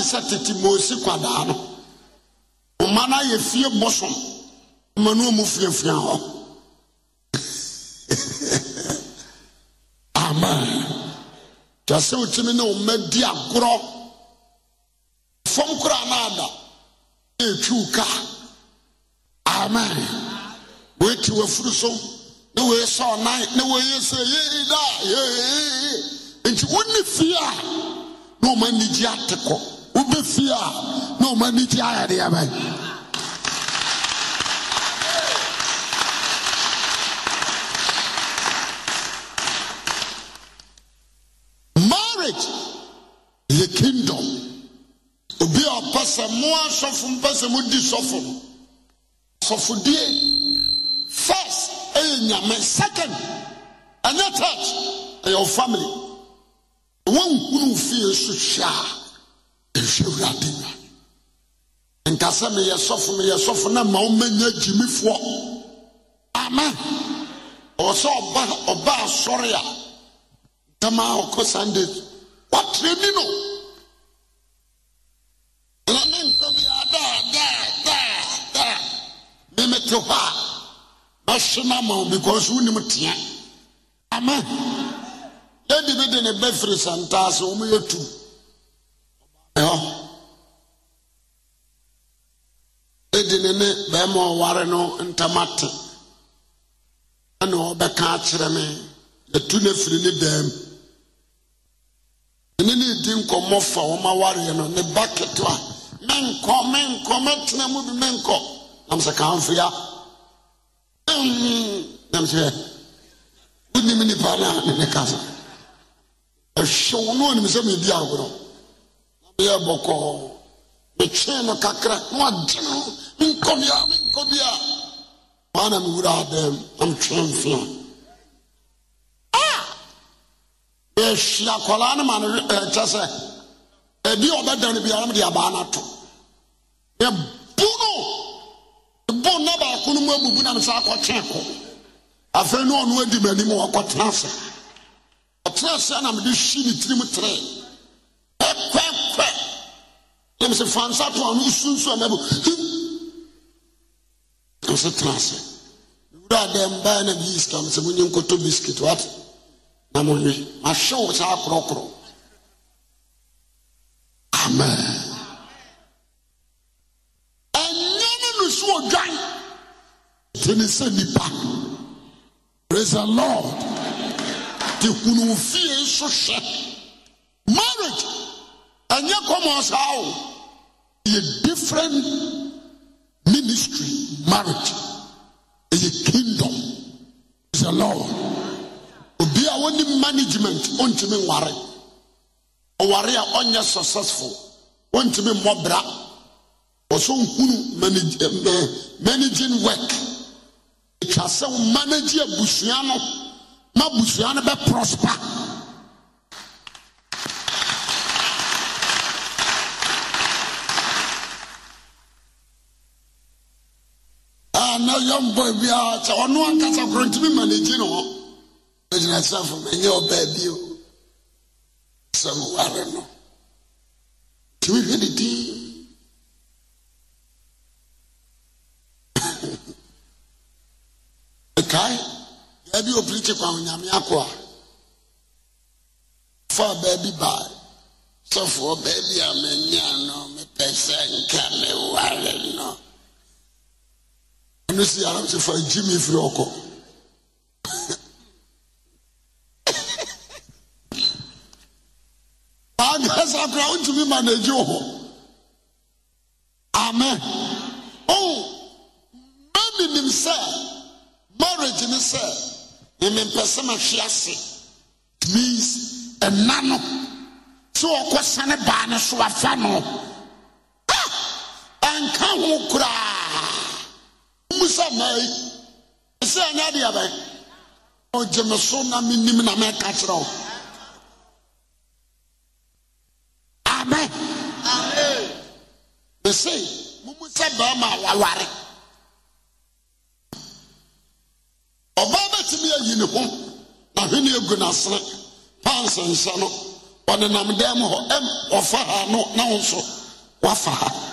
[laughs] te sɛ tete moosi kwadaa no ɔma no ayɛ fie bɔsom ma no ɔmu fiafia hɔ amen kyɛ sɛ wotumi ne ɔma di agorɔ fam koraa no ada na e ɛtwiw ka amen woati wafuru so ne woɛsɛ ɔnan ne woɛyɛ sɛ yei daa yee nti wonni fie a na ɔma nigye ate kɔ wobɛfie a na ɔma ani gye ayɛdeɛ bɛn marriage is kingdom obi a ɔpɛ sɛ mo asɔfo mpɛ sɛ modi sɔfo no sɔfodie first ɛyɛ nyame second ɛnyɛ church ɛyɛ wo family wɔnhunu fie so hwɛ a ɛhwɛ awurade nwa nka sɛ meyɛ sɔfo meyɛ sɔfo na ma womanya gyimifoɔ ama ɔwɔ sɛ ɔba ɔba asɔre a dama a ɔkɔ sunday watrɛ ni no na ne nkɔ biara ah, daa daa daa daa memete hɔ a mɛhye no ama wo because wonim teɛ ama yɛde bi de ne bɛfiri santaa sɛ wɔmyɛ tum ɛhɔ edi ne ne bɛrima ɔware no ntam ate ɛna ɔbɛka akyerɛ me yɛtu ne firi ne dan mu ɛne ne di nkɔmmɔ fa wɔn awareɛ no ne ba ketewa menkɔ menkɔ mɛtena mu bi menkɔ nam sɛ kanfo ya ɛnhun nam sɛ wonim nipa na ne ne kasa ɛhwɛ wɔn no onim sɛ medi agorɔ yɛ bɔkɔɔ metwee no kakra eh, e na wagye no menkɔ bia menkɔ bia maa na mewura adam na metwee mfea yɛhwi akwaraa no ma no ɛkyɛ sɛ ɛbi a ɔbɛda biara mede abaa no ato yɛbu no bo nna baako no mu abubu na mesa akɔtwee kɔ afei ne ɔno adi m'anim a wakɔtena ɔtena ase na mede hwi ne tirim terɛ ɛkwan nam sɛ fa nsa to a no sunsu a mabu nam sɛ tena ase mewura dɛm baa na biyi sika m sɛ monye nkɔtɔ biskit wate na monwe mahwe wo saa korɔkorɔ amen ɛnyɛ ne no so ɔdwan nti ne sɛ nnipa praise the lord te hunu fie so hwɛ marriage ɛnyɛ kɔmɔ saa o yɛ different ministry marriage ɛyɛ kingdom is a law obi a wɔnim management ɔntumi nware ɔware a ɔnyɛ successful ɔntumi mmɔbra wɔsɔ nhunu eh, eh, managing work ɛtwa sɛ manage abusua no ma abusua no bɛ prosper. anaa young boy biara kyɛ ɔno ankasa koro ntumi manage ne ho ɔgyina sɛfo manyɛ ɔbaa bio sɛ mware no tumi hwɛ ne din [laughs] ɛkae baabi ɔpirikyi kwa onyame akɔ a fa baabi baa sɛfoɔ baabi a manyɛ no mepɛ sɛ nka meware no ɛno si arab sɛ fa gyi me firi ɔkɔ anyɛ saa koraa wontumi ma no agyi wo ho amen oh mane nim sɛ marriage ne sɛ memempɛ sɛ mahwe ase means ɛna no sɛ wɔkɔsane baa ne so afa no anka ho koraa sɛ mɛyi ɛsɛ ɛnyɛ deɛ bɛ ɔgye me so na menim na mɛka kyerɛ wo amen mese momu sɛ bɛrima a waware ɔbaa bɛtumi ayi ne ho na hwene agu n'asene pansɛnhyɛ no ɔnenam dan hɔ ɛm ɔfa ha no na wo nso wafa ha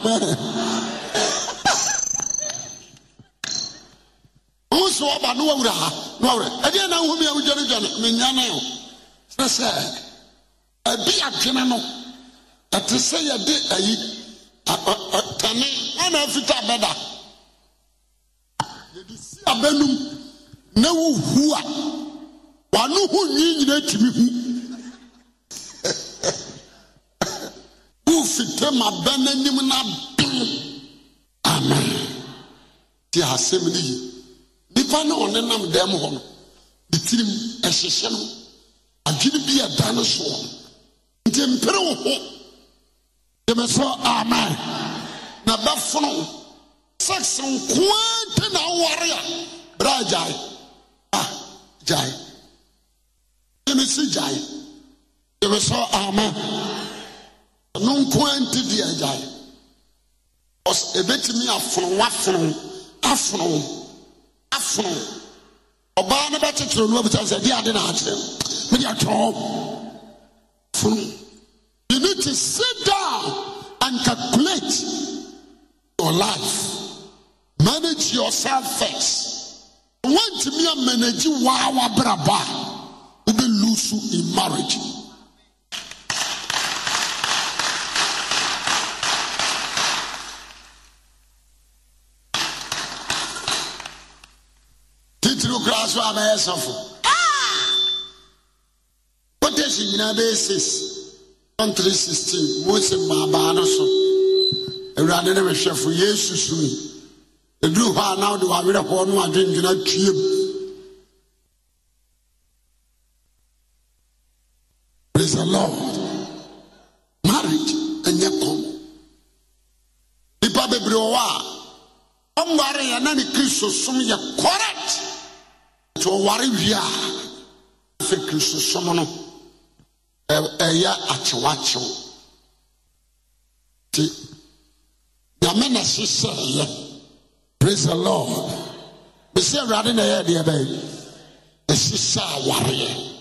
amen nso ɔba ne wawura ha ne ɛdeɛ na nhome a wogyanegyane menyane o kyerɛ sɛ ɛbi adwene no ɛte sɛ yɛde ayi tane ana afita abɛda yɛde si abɛnum na wohu a wano ho nwi nyina hu site ma bɛ n'anim na dum amen Ti asɛm no yi nipa ne ɔne nam dɛm hɔ no ne tirim ɛhyehyɛ no adwene bi ɛda no soɔ nti mpere wo ho deme sɛ amen na bɛfono sex nkoa te na aware a berɛ a gyae a ah, gyae deme si gyae deme sɛ amen ɛno nko a di agyae ɔs ebetumi afono wafono afono afono ɔbaa no bɛkyekyere no abisa sɛ di ade na akyerɛ mo de atwɔ fono you need to sit down and calculate your life manage yourself first wɔntumi amanagi waa wabraba wobɛ lose in marriage. titiri kura so abɛyɛ sɔfo kotesi nyinaa bɛyɛ six one three sixteen mose mmaabaa no so awurade ne bɛhwɛfo yesu sui eduru hɔ a na wɔde wɔawerɛhoɔ no adwendwena tue mu praise the lord marriage ɛnyɛ kɔn nipa bebree wɔ hɔ a ɔmware yɛ na ne kristo som yɛ kɔrɛ. To worry, I think you should sɛ kristosom no ɛyɛ eh, eh, akyewakyew nti nyame na ɛhyehyɛeɛ praise the lord We bɛsɛ awurade na ɛyɛ deɛ bɛyɛ ɛhyehyɛ awareɛ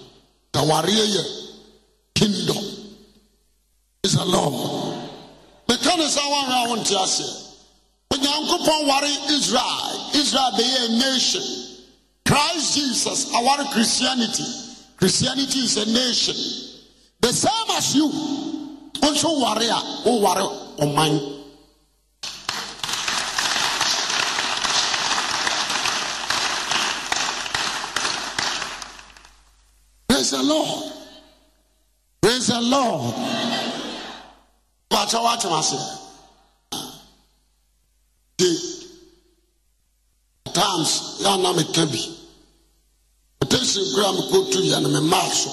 awareɛ yɛ kingdom praise the lord meka ne sɛ woahwɛ a are going to worry israel israel be a nation Christ Jesus, our Christianity. Christianity is a nation. The same as you. Also warrior, oh warrior, oh mine. Praise the Lord. Praise the Lord. Watch out, watch out times yɛ ana meka bi attention koraa to yɛ no memaa so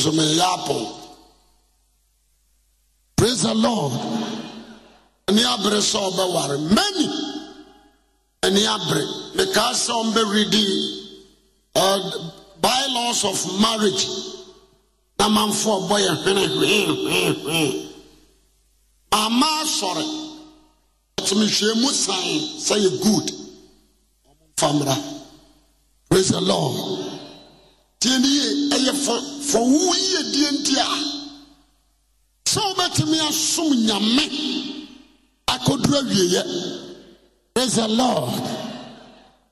so meyɛ apɔn praise the lord ani abere sɛ ɔbɛware many ani abere ready. bylaws of marriage na manfo ɔbɔ yɛ hwene hwehwehwe ama asɔre good famra praise the lord tie ne yie ɛyɛ fa wo die nti a sɛ wobɛtumi asom nyame akɔduru awieyɛ praise the lord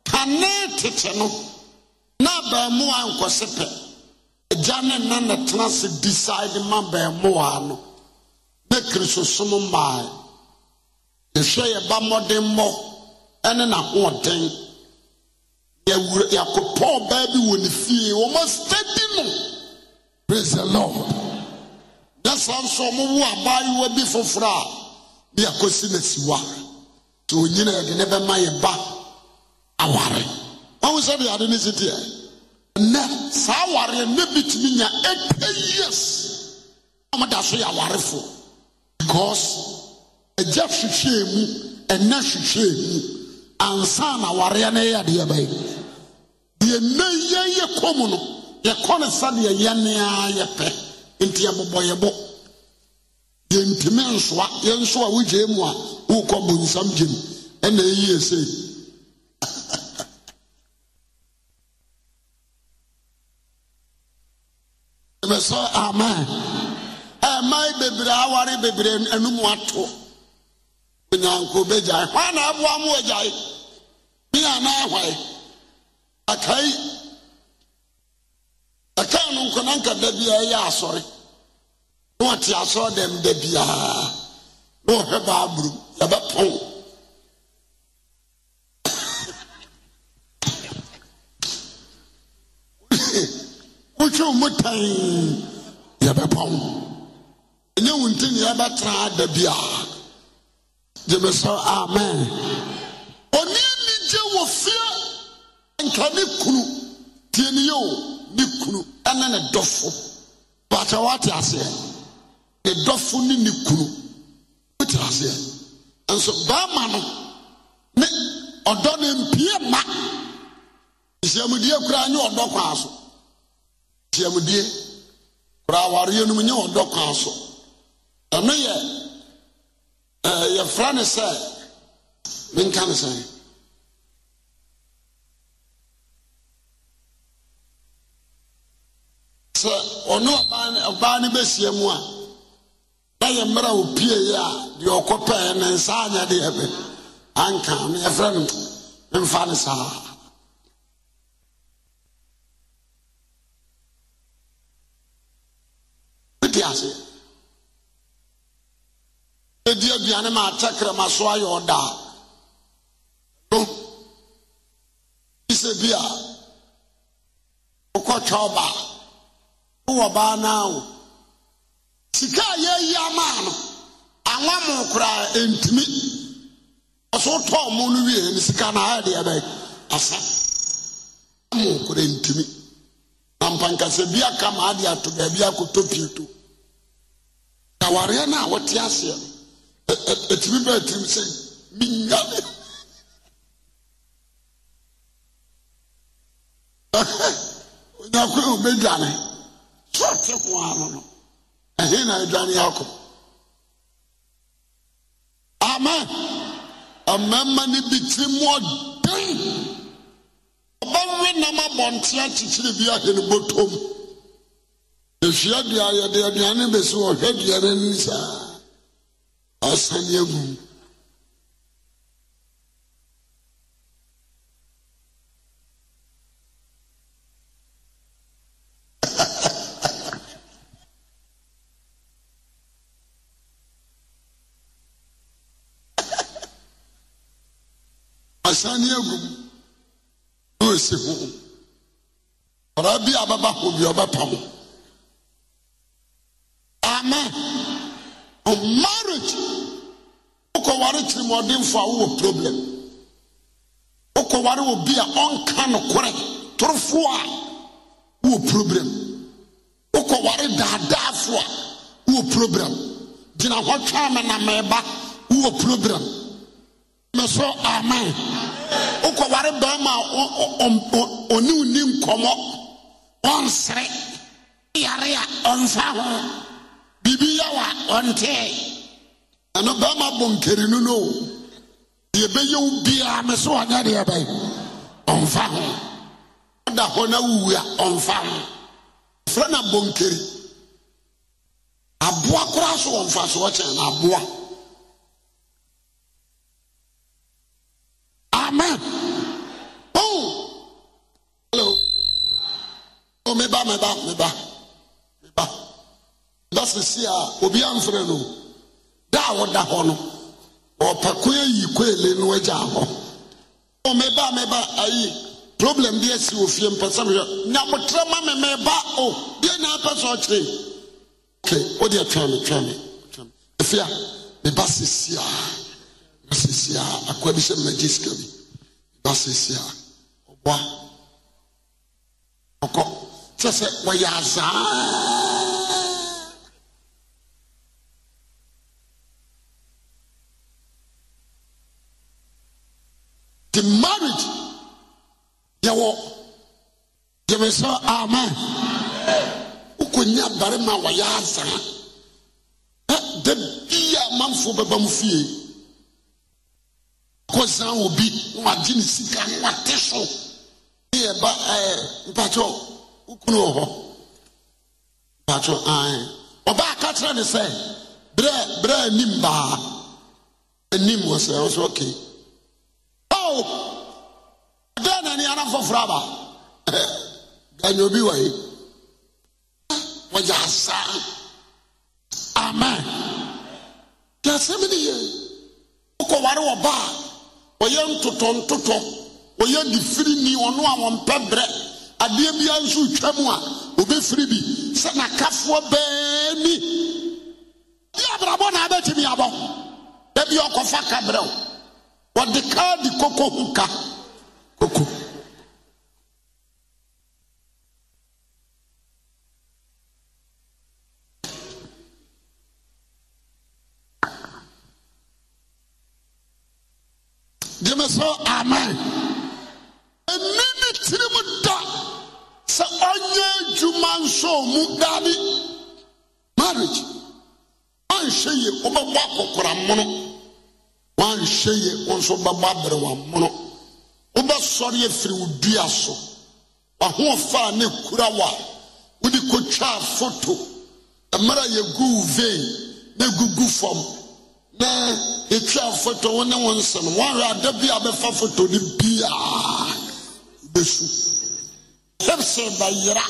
kane tete no na abaamuwa nkɔse pɛ agya ne na tena decide ma abaamuwa no ne kirisosom mmaa yɛhwɛ yɛ ba mmɔden na ɛne n'ahoɔden. yɛwura yɛakopɔ ɔbaa bi wɔ ne fie wɔn asitadi no praise the lord dasa nso wɔn wɔ abaayewa bi foforɔ a bi akɔsi n'asiwa to onyina yɛde ne bɛma yɛ ba aware wɔn sɛ de ade ne si teɛ nnɛ saa aware ne bi tumi nya eight years wɔn da so yɛ awarefo because ɛgya hwehwɛ mu ɛnna hwehwɛ mu ansa na awareɛ no yɛ adeɛ bɛyɛ. deɛ nna yɛn yɛ mu no yɛkɔ ne sɛdeɛ ya ara yɛpɛ nti yɛbobɔ ya yɛntumi nsoa yɛnso a wogye mu a worekɔ bonsam gyem ɛna ɛyie sei [laughs] mɛsɛ amen ɛman bebree aware bebree anum ato nyanko bɛgyae na aboa na akae ɛkaa no nkɔ na nka da biara ɛyɛ asɔre na ɔte asɔre dɛm da biara na ɔhwɛ baaburo yɛbɛpɔn wotwe wo mu tan yɛbɛpɔn ɛnyɛ wo nti ne yɛbɛtena da biara gyeme sɛ amen nka ne kunu tie ne yɛ o ne kunu ɛne ne dɔfo baakyɛ wate aseɛ ne dɔfo ne ne kunu wote aseɛ nso barima no ne ɔdɔ ne mpie ma nhyiamudie koraa nyɛ ɔdɔ kwaa so nhyiamudie koraa awareɛ no mu nyɛ ɔdɔ kwaa so ɛno yɛ ɛɛ yɛfrɛ ne sɛ menka ne sɛn. ɔno ɔbaa no bɛhyia mu a na yɛ mmerɛ a opieyɛ a deɛ ɔkɔpɛɛ ne nsa anyɛ deɛ bɛ anka no yɛfrɛ no memfa no saa wote aseɛ ɛdi aduane ma atɛkrɛma so ayɛ ɔdaa no bi sɛ bi a wokɔtwa ɔbaa wɔ baa naa o sika a yɛayi amaa no anwa mo koraa ɛntumi ɔso tɔɔ mo no wie sika na ayɛ deɛ bɛyɛ asa mo koraa ɛntumi na mpankasa bi aka ma ade ato baabi akɔtɔ pie to awareɛ no a wɔte aseɛ no ɛtumi bɛ ɛtumi sɛ minya [laughs] ne onyakoro obɛdwane chọọchị hụ ahụhụ ehi na edwani akọ amen mmarima no bi tiri mu ɔden ɔbɛwe nam abɔnte akyekyere bi ahene bɔtɔm ehwia dua yɛde aduane bɛsi ɔhwɛ dua n'ani saa asan yɛ gu mu. ahyɛnni egum na osi ho ɔbaa bi ababa hɔ bi ɔbɛpam amen o marriage wokɔware tirimɔdenfo a wowɔ problem wokɔware obi a ɔnka nokorɛ torofo a wowɔ problem wokɔware daadaafo a wowɔ problem gyina hɔ twaa me na mɛɛba wowɔ problem mesɔ amen wokɔware bɛrima a ɔne wo ni nkɔmmɔ ɔnsere yare a ɔmfa ho biribi yɛw a ɔnteɛ ɛno bɛrima bɔ nkarinu no o deɛ bɛyɛ wo biara me so ɔnyɛ deɛ ho ɔda hɔ na wuwu a ho frɛ na bɔnkeri aboa koraa so ɔmfa so ɔkyɛn na aboa amen. Oh, hello. Oh, me ba, me ba, me ba, me ba. That's the sea. Ah. Obi amfre no. Da wo da ho no. Ọpẹ kó eyi kó ele nu ẹja ahọ. Ọ oh, mẹba problem bi si ofie mpẹsẹ mi yọ. Nyamutire ma mi mẹba o. biye na apẹ sọ ọkyere. Okay, o de ẹtwa mi twa mi. Efia, mẹba sisi a. Mẹba sisi a. Akwa bi sẹ mẹba jisika na sisi a ɔboa ɔkɔ kyerɛ wɔyɛ azaa the marriage yɛwɔ yɛbɛ sɛ amen wokɔnya barima wɔyɛ azaa ɛ da bia manfoɔ bɛba mu fie akɔsan obi na wagye ne sika na wate so ne yɛ ba ɛɛ mpatsɔ ukunu wɔ hɔ mpatsɔ ɛɛ ɔbaa kakyira ne sɛ brɛ brɛ anim baa anim wɔ sɛ ɔsɛ ɔke ɔwɔ ɛdɛn na ne ana foforɔ obi wɔ yi wɔyɛ asa amen yɛ asɛm ne yɛ wokɔware wɔ baa ɔyɛ ntotɔ ntotɔ ɔyɛ difiri ni ɔno a wɔn pɛ brɛ adeɛ bi nso twa mu a obɛfiri bi sɛ n'akafoɔ bɛɛ ni bi abrabɔ na abɛtumi abɔ baabi ɔkɔfa kabrɛw wɔde kaa di koko ho ka koko. sɛ amen ɛni ne tirim da sɛ ɔnyɛ adwuma nso mu daade marriage wanhwɛ yie wobɛbɔ akɔkoramono wanhwɛ yie wo nso bɛbɔ aberewamono wobɛsɔre afiri wo dua so wahoɔfa fa ne kura wo a wode kɔtwaa foto mmerɛ yɛgu wo vein na gugu fam na etwa foto wo ne wo nsɛm wɔnhwɛ ada bi a bɛfa foto ne biaa bɛsu hepsi bɛyera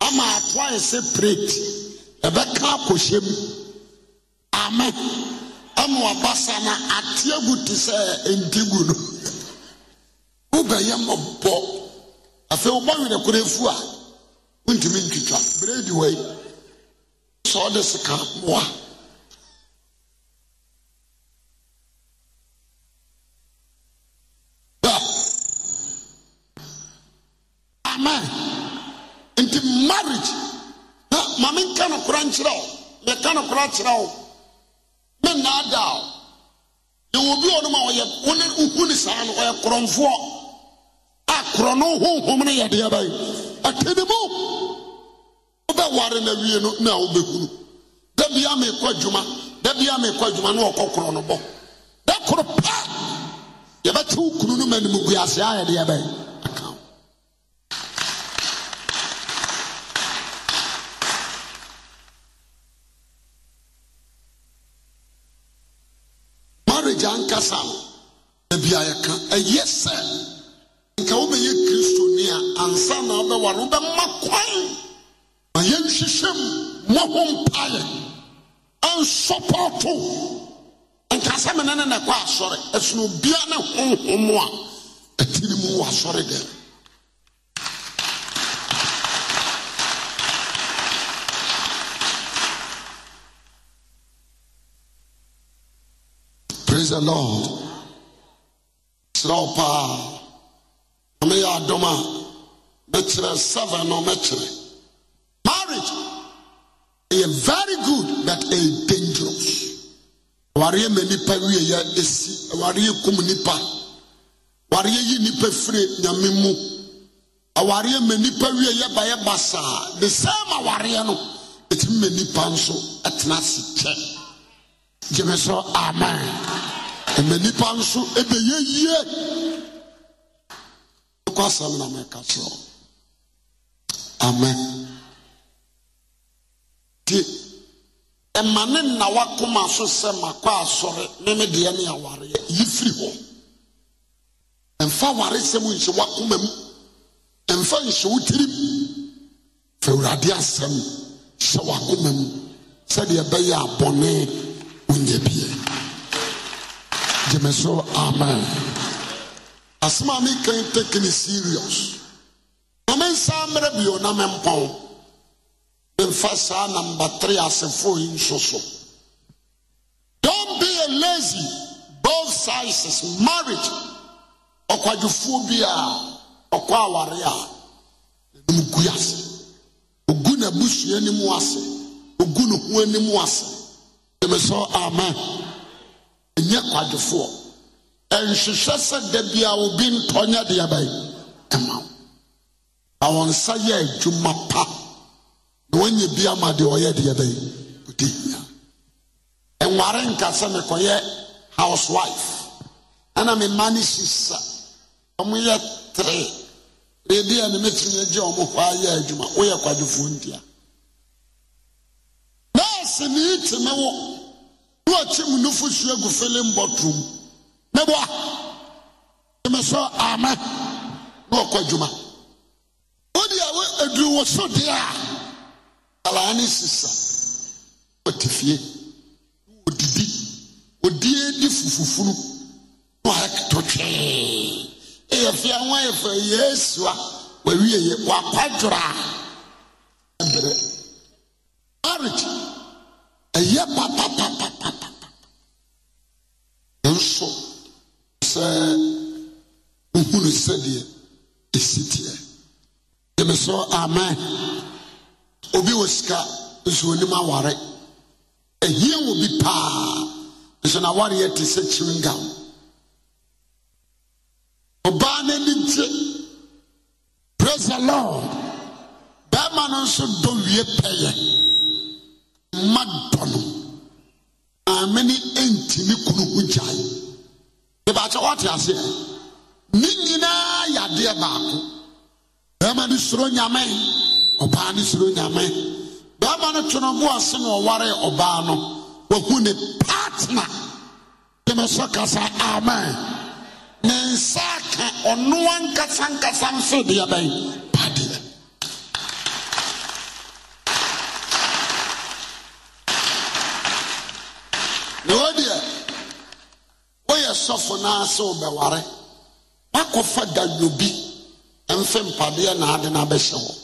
ama atoa yɛ sɛ preti ɛbɛka akɔhyɛ mu amen ama wabasa na ateɛ gu te sɛ nti gu no wobɛyɛ mmɔbɔ afei wobɔ werɛ kora efu a wontumi ntwitwa beredi wei sɛ ɔde sika mmoa kyerɛ wo yɛka nokora kyerɛ wo ne nnaadaa wo yɛwɔ bi wɔ nom a ɔyɛ wone wohu ne saa no ɔyɛ korɔmfoɔ a korɔno honhom no yɛdeɛ bɛyɛ atɛne mu wobɛware no awie no na wobɛhunu da bia meekɔ adwuma da bia meekɔ adwuma ne ɔkɔ korɔ no bɔ da koro pa yɛbɛte wo kunu no ma animguaseɛ a yɛdeɛ bɛyɛ ɛnka saa no baabi a yɛka ɛyɛ sɛ nka wobɛyɛ kristoni a ansa na wobɛware wobɛma kwan ma yɛnhyehyɛ mu ma ho mpaeɛ ɛnsɔpɔɔto nka sɛ me ne ne ne kɔ asɔre ɛsono obia ne honhom a ɛtiri mu wɔ asɔre dɛm Praise the Lord. Slow power. Me adoma. Metre seven or metre. Marriage is very good but a dangerous. Warrior many paria is warrior kumunipa. Warrior yinipe free nyamimu. awareɛ ma nnipa wie yɛbayɛ ba saa the same awareɛ no ɛtumi ma panso nso ɛtena ase kyɛ gyeme amen ɛmɛ nipa nso ɛbɛyɛ yie ɛkɔ asɛm na mɛka kyerɛ amen tie ɛma ne nnawa koma so sɛ makɔ asɔre meme deɛ ne awareɛ yi firi hɔ ɛmfa ware sɛm nhyɛ wakoma mu ɛmfa nhyɛ wo tirim fa asɛm hyɛ wakoma mu sɛdeɛ ɛbɛyɛ abɔne wonyɛ biɛ Jimmy so amen. As mommy can't take any serious. Amen samre bio na mempo. Memfa saa number 3 asefo yi nso so. Don't be a lazy. Both sizes marriage. Ọkwajufuo bi a ọkwa aware a enim gu ase. Ogu n'abusua anim ase. Ogu ne ho anim ase. Jimmy so amen. ɛnyɛ kwadwofoɔ ɛnhwehwɛ sɛ da bia obi ntɔnyɛ deɛ bɛyɛ ɛma wo na wɔn nsa yɛ adwuma pa na wɔnyɛ bi ama deɛ ɔyɛ deɛ bɛyɛ ɔdi hia ɛnware nka sɛ mekɔyɛ housewife ɛna me mma ne hyisa wɔyɛ tere redi a ne mɛtumi agye wɔn hɔ ayɛ adwuma woyɛ kwadwofoɔ ntia nɛɛse ne yi te me wo wɔakyi mu nufu sua gu filim bɔtrom ne boa ɛmɛ sɛ amɛ na ɔkɔ adwuma wode a aduru wo so deɛ a alaa ne sisa ɔte fie ɔdidi ɔdie di fufufunu na ɔhɛketɔ twee ɛyɛ fia ho ayɛ fa yesu a wawieyɛ wakwadwora a ɛmmerɛ marriage ɛyɛ papapapa sɛdeɛ ɛsi teɛ gyeme so amen obi wɔ sika nso onim aware ɛhia wɔ bi paa nso n'awareɛ te sɛ kyimgam ɔbaa n'ani gye praise the lord bɛrima no nso dɔ wie pɛyɛ mma dɔ no amene ɛntimi kunu ho gyae ebakyɛ wɔte aseɛ ne nyinaa yɛadeɛ baako bɛrima no suro nyame ɔbaa no suro nyame bɛrima no to no boa se na ɔwaree ɔbaa no wahu ne partner deme sɛ kasa amen ne nsa ka ɔno ankasankasa nso deɛ bɛn padeɛ na wo deɛ woyɛ sɔfo naa sɛ wobɛware nakɔfa gawobi mfe mpadeɛ na ade no abɛhyɛ hɔ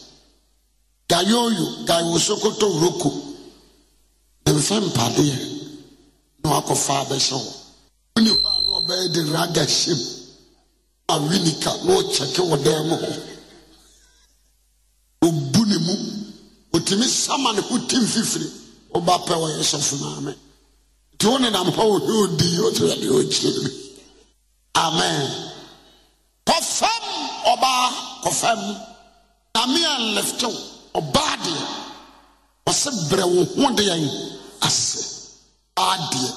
gayoyo gayosokotɔ wuroko mfe mpadeɛ na wakɔfa abɛhyɛ hɔ wonipa na ɔbɛyɛ de raga hyɛm winika, na ɔkyɛke wɔ dan mu hɔ Obu ne mu sama ne ho ɔba pɛ sɔfo nenam hɔ deɛ ɔkyerɛ amen kɔ fam ɔbaa kɔ fam nyame anlɛfte wo ɔbaa deɛ ɔsɛ brɛ wo ho de yɛn ase baa deɛ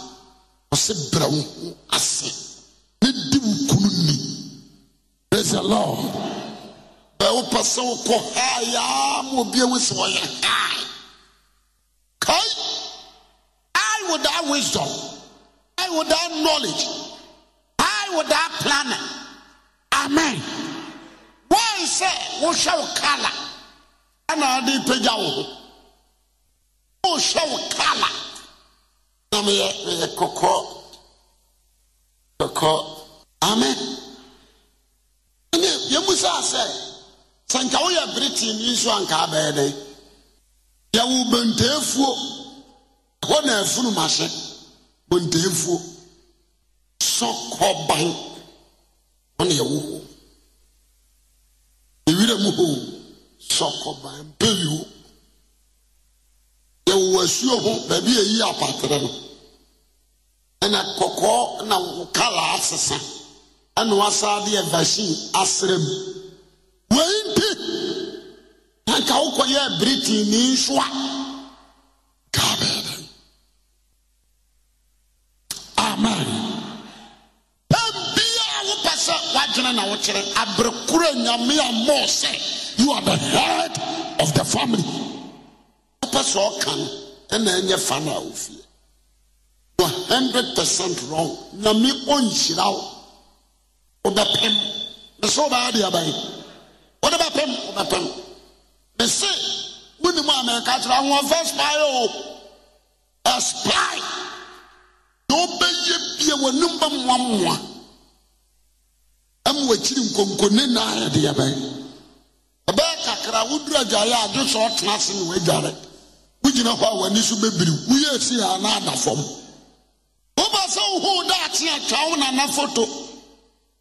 ɔsɛ brɛ wo ho ase ne di kunu ni praise the lord bɛɛ wopɛ sɛ wokɔ haa yaa ma obia wo sɛ wɔyɛ haa kai i would have wisdom i would have knowledge i would have planning amen wɔn sɛ wohwɛ wo kala ɛna ade pagya wo ho wohwɛ kala na meyɛ meyɛ kọkọ. Kọkọ. amen ɛne yɛmu saa sɛ sɛ nka woyɛ britain yi nso anka abɛyɛ dɛn yɛwo benteefuo ɛhɔ na afunum ahye benteefuo sɔkɔban ɔne yɛwo ho ewira mu ho sɔkɔban pewi ho yɛwɔ asuo ho baabi a eyi apatere no ɛna kɔkɔɔ na kala asesa ɛna wasaade yɛ vaccine asrɛ mu wei nti anka wokɔyɛ britin ni nso kyerɛ aberekura nyame a mmɔɔ sɛ you are the head of the family ɛpɛ sɛ ɔka no ɛna ɛnyɛ fa no a ofie you are hundred percent wrong nyame ɔnhyira wo wobɛpem me sɛ wobɛyɛ de abae wode bɛpem wobɛpem me se wonim a mɛka kyerɛ ahoɔfa spae o aspae deɛ wobɛyɛ bie w'anim bɛmmoammoa ma wakyiri nkonko ne na ayɛ deɛ bɛn ɛbɛyɛ kakra woduru adwareɛ ade sɛ ɔtena ase wogyina hɔ a w'ani so bɛbiri woyɛ si a na ada fam woba sɛ wohoo da ate atwa wo nana foto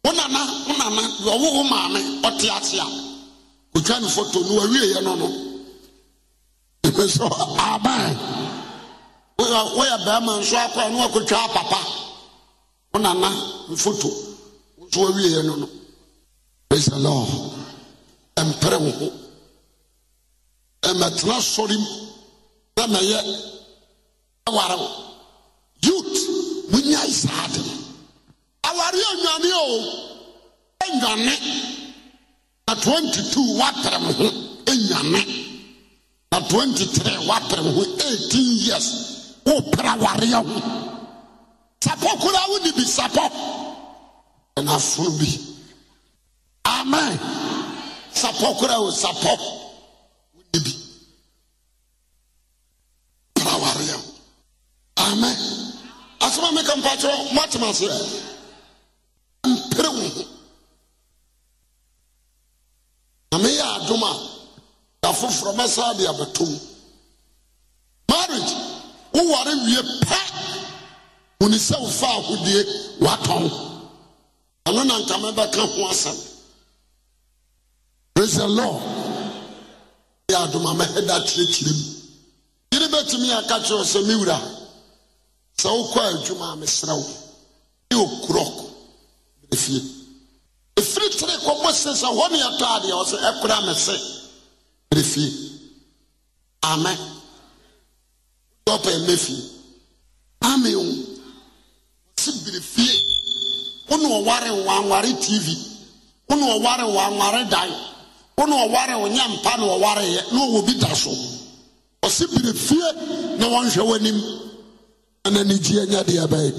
wo nana wo nana ɔwo wo maame ɔte a otwa ne foto no no no aban bɛrima nso papa wo nana foto so awieɛ no no praise the lord ɛmprɛ wo ho ɛmɛtena sɔre mu na mɛyɛ aware wo youth wonyae saa de aware anwane o ɛnwane na 22 woaprɛm ho ɛnwane na 23 woaprɛm ho 18 years woprɛ awareɛ ho sapɔ koraa wo ne bi sapɔ ɛnafoɔ bi amen sapɔ koraa o sapɔ wonni bi prawareɛ amen asɛm a meka mpa kyerɛ moatem aseɛ mpere wo ho na meyɛ adom a dafoforɔ mɛsaa de abɛtom marriage woware wie pɛ woni sɛ wofaa ahodie watɔn ɛno na nka mɛbɛka ho asɛm praise the lord yɛ adoma mɛhɛda kyerɛkyerɛ mu yere bɛtumi aka kyerɛ sɛ me wura sɛ wokɔ adwuma a mesrɛ wo ne okurɔk berɛ fie ɛfiri tere kɔbɔ se sɛ hɔ ne yɛtɔ adeɛ ɔ sɛ ɛkora me se berɛ fie amɛ dɔpɛ mmɛ fie ame o sɛ berɛ fie ụnụ ọware nwa anwarị tv ụnụ ọware nwa anwarị dan ụnụ ọware onye nyampa na ọwara ya na owo bi da so ɔsi biri fie na wɔnhwɛ w'anim ɛna ne gye anya deɛ bɛyɛ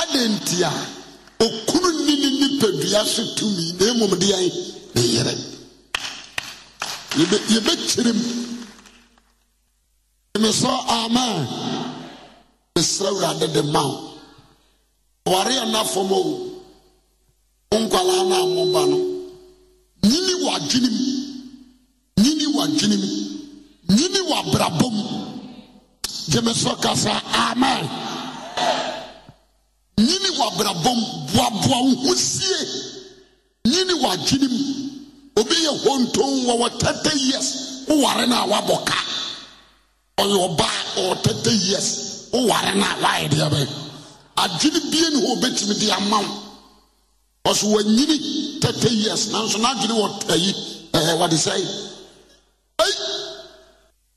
adɛ nti a okunu ni ne nipadua so tumi na emom de yɛn ne yere yɛbɛkyerem ɛmɛ sɛ amen mesrɛ wurade de ɔware a n'afɔm o nkwalaa na amɔba no nyini wɔ adwene mu nyini wɔ adwene mu nyini wa abrabɔ mu gyeme so kasa amen nyini wɔ abrabɔ mu boaboa wo ho sie nyini wɔ adwene mu obi yɛ honton wɔ wɔ tɛtɛ years woware no a wabɔ ka ɔyɛ ɔbaa ɔwɔ tɛtɛ years woware na a waayɛ deɛ bɛyɛ adwene bie ne hɔ obɛtumi de ama wo ɔso wanyini tɛtɛ years nanso n'adwene wɔ ayi ɛɛ wɔde sɛe ɛyi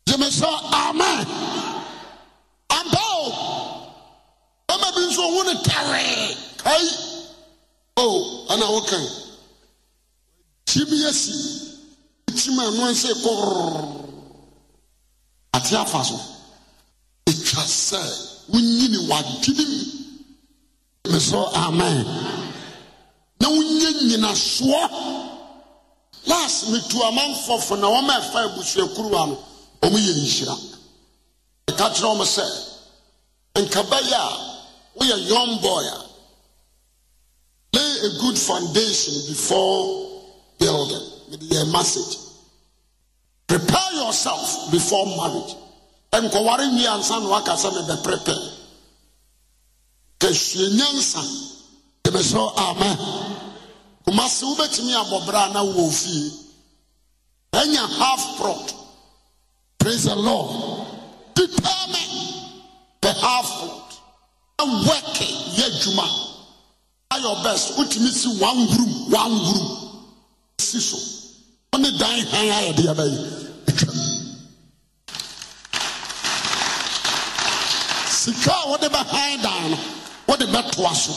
gyeme sɛ amen ampa o ɔma bi nso ɔho ne tɛwee kai o ɛna wokan tie bi asi ɛtim a ɛnoa sɛ kɔrrr ate afa so ɛtwa sɛ wonyini w'adwene mu me so amen na wonye nyinasoɔ las metu amanfɔfo na wɔma ɛfa abusuakuruwa no ɔmo yɛ nhyira ɛka kyerɛ ɔmo sɛ nka bɛyɛ a woyɛ young boy a lay a good foundation before building mede yɛ message prepare yourself before marriage nkɔware nwi ansa na wakasa be prepare kɛhyɛ nyansa dɛmɛ sɛ amen kuma se wobɛtumi abɔbra na wɔ fie ɛnya half prod praise the lord determine the half prod ɛwɛke yɛ adwuma ayɛ best wotumi si one room one room si so ɔne dan han ayɛ deɛ bɛyɛ atwam sika a wɔde bɛhan dan no wɔde bɛtoa so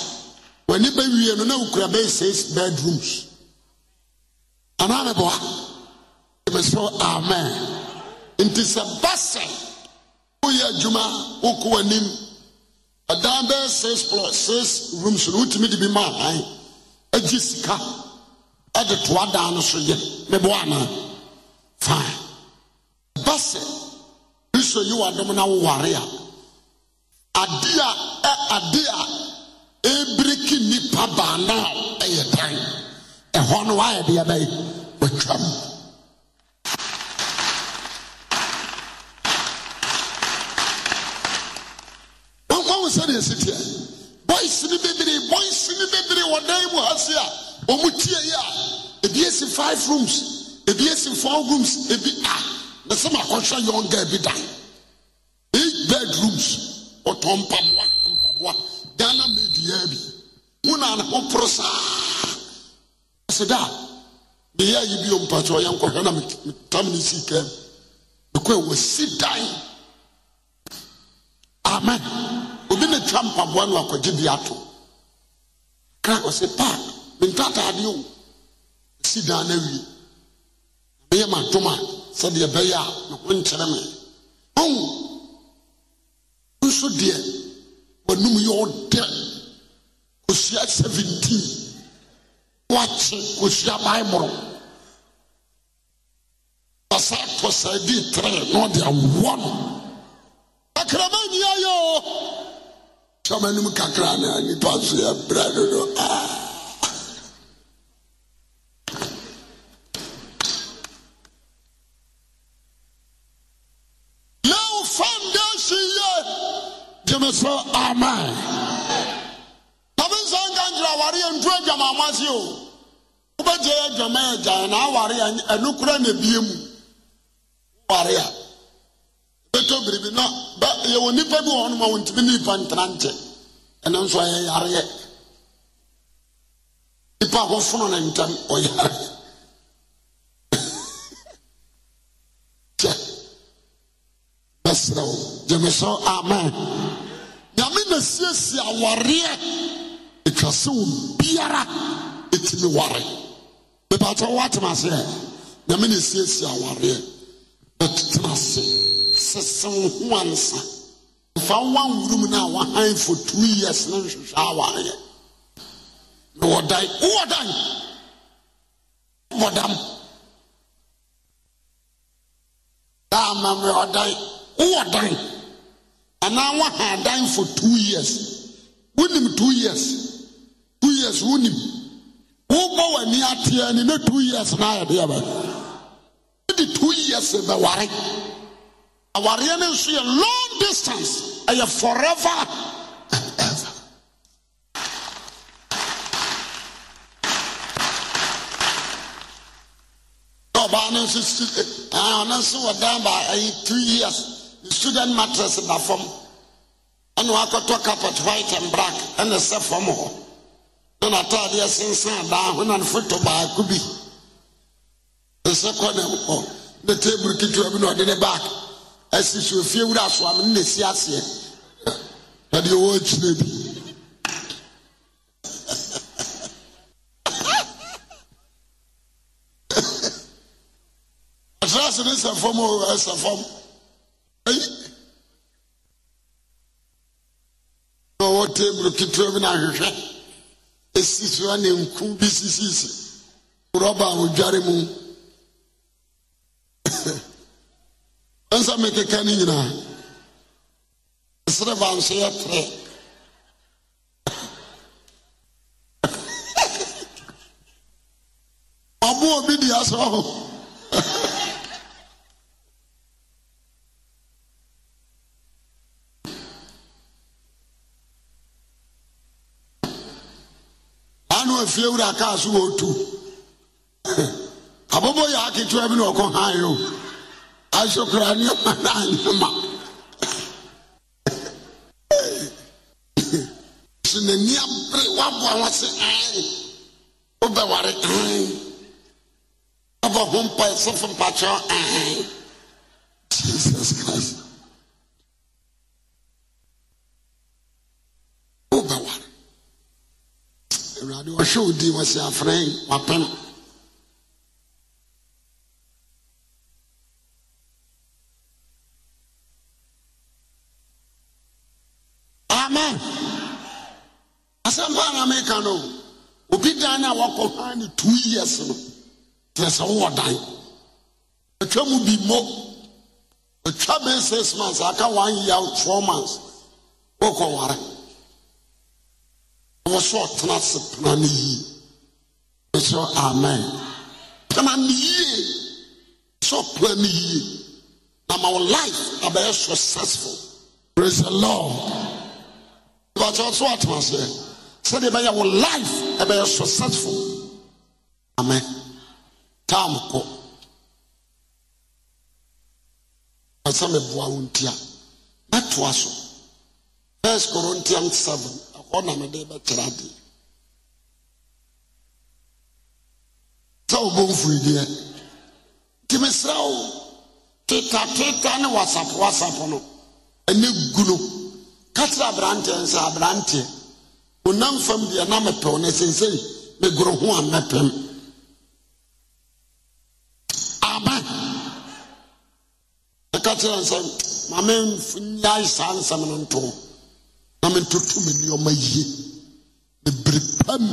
w'ani bɛwie no na wokura bɛyɛ six bedrooms anaa ne boa ɛbɛsɛ amen nti sɛ ba sɛ woyɛ adwuma wokɔ w'anim ɛdan bɛyɛ six plus six rooms no wotumi de bi ma ahan agye sika ɛde toa dan no so yɛ ne boa anaa fine ba sɛ kristo yi w'adom na woware a adeɛ eh, a adeɛ a ebiriki nipa baana ɛyɛ dan ɛhɔ eh, no wayɛ deɛ bɛyɛ wɔtwam. wɔn sɛdeɛ si teɛ boys ni bebree boys ni bebree wɔ dan mu ha si a wɔn tie yi a ebi esi five rooms ebi esi four rooms ebi a ah, na sɛ ma kɔhwɛ yɔn girl bi dan eight bedrooms ɔtɔ mpaboa mpaboa ghana media bi wona ne ho poro saa ɔsɛ da meyɛ yi bi ɔmpakyɛ ɔyɛ nkɔhwɛ na metam ne sii kɛm mekɔɛ dan amen obi ne twa mpaboa no akɔgye de ato kra ɔsɛ pa mentataade o si dan no awie meyɛ madom a sɛdeɛ ɛbɛyɛ a me ho nkyerɛ me nso deɛ w'anum yɛ ɔdɛ kosua seventeen wakye kosua maimoro wasa atɔ saadi tere na ɔde awoa no akrama nyia yɛ o sɛ ɔmo anim kakra na nipa nso yɛ brɛ dodo aa. Ah. sɛ amen tɔbi nsa nka nkyerɛ aware yɛ ntu agyama amase o wobɛgye yɛ agyama yɛ gyae na aware yɛ ɛnokora na ebie mu ware a bɛtɔ biribi na bɛ yɛwɔ nipa bi wɔ hɔ nom a wɔntumi nipa ntena nkyɛ ɛno nso ɛyɛ yareɛ nipa ahofono na ntam ɔyareɛ kyɛ bɛsrɛ wo gyeme sɛ amen na siesie awareɛ ɛtwa sɛ obiara ɛtumi ware mepatɛ woatem aseɛ nyame na siesie awareɛ na tetena ase sesew ho ansa mfa woanwurum no a wahan for two years ne nhwehwɛ awareɛ na wɔdan wowɔdan wɔdam daa ma mmerɛ ɔdan wowɔdan anaa waha adan for two years wonim two years two years wonim wobɔ w'ani ateɛ ne ne two years na ayɛ deɛ bɛ wode two years bɛware awareɛ no nso yɛ long distance ɛyɛ forever and ever na ɔbaa no nso eh, ɔno nso wɔ dan ba ɛyɛ two years student mattress da fam ɛna wakɔtɔ carpet white and black ɛna sɛ fam hɔ na n'ataadeɛ sensan daa ho na ne foto baako bi nsɛ kɔ ne hɔ ne table ketewa bi na ɔde ne back ɛsi so efie wura asoame ne n'esi aseɛ na deɛ ɔwɔ akyire bi. ɛsɛ [laughs] ase ne sɛ fam o ɛsɛ fam ɛyi. table ketewa bi na ahwehwɛ esi so a na nku bi sisisi rɔba a odware mu [coughs] nsa mekeka ne nyinaa sereba nso yɛ trɛ ɔmo [coughs] obi di asɔ fiewura kaa so wɔtu abɔbɔ yɛ aketewa bi na ha han o asokora ma na [laughs] anyama so n'ani abere waboa wase an anyị an wabɔ ho mpa ɛsɛ fo mpakyɛw an Awurade ɔhwɛ odi wɔ si afrɛn wapɛ no. Amen. Asɛmpa na meka no obi dan a wakɔ han ne two years no kyerɛ sɛ wowɔ dan. Atwa mu bi mo. Atwa bɛn six months aka one year four months. Wɔkɔ ware wɔ so ɔtena ase pena ne yie ɛsɛ amen pena ne yie sɛ ɔpena ne yie na ma wo life abɛyɛ successful praise the lord ìbàtí ɔso ɔtena ase sɛdeɛ ɛbɛyɛ wo life ɛbɛyɛ successful amen taam kɔ ɛsɛ mɛ bu awo ntia bɛtoa so first corinthians seven ɔnam de bɛkyerɛ adeɛ sɛ wobɔ mfuideɛ nti mesrɛ wo tetateta ne wasapo wasapo no ɛnɛ gu no ka kyerɛ aberanteɛ nsɛ aberanteɛ ɔnam fam deɛ na mepɛw no sensei megoro ho a mɛpem amen ɛka kyerɛ nsɛm ma memnyae saa nsɛm no nto na mentoto me nneɔma yie bebre pam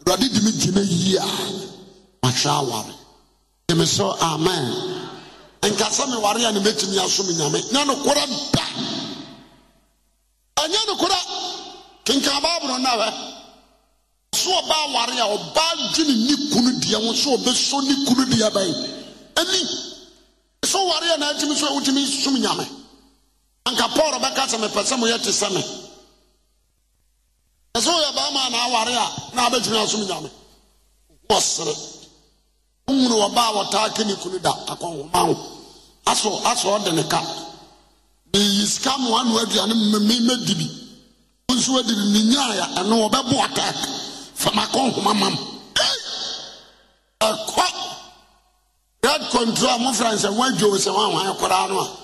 awurade de me gyina yie a mahwɛ aware de me sɛ amen nka sɛ meware a ne mɛtumi asom nyame nyɛ nokorɛ da ɛnyɛ nokorɛ kenkan baabolo no wɛ so ɔbaa ware a ɔbaa dwene ne kunu deɛ ho sɛ ɔbɛsɔ ne kunu deɛ bɛn ani sɛ ware a na atumi so a wotumi som nyame anka paul bɛka sɛ mepɛ sɛ moyɛ te sɛ me ɛsɛ woyɛ bɛrima a naaware a na abɛtumi asom nyame wɔsere wohunu wɔba a wɔtaa ke ne kunu da akɔnhoma wo asɔ asɔ ɔde ne ka meyi sika mmoa no aduane mmɛdi bi wo nso adi ne nyaaya ɛno wɔbɛbo atak fam akɔnhoma ma m ɛkɔ red control a mofrɛ nsɛ woadwo sɛ woanwan koraa no a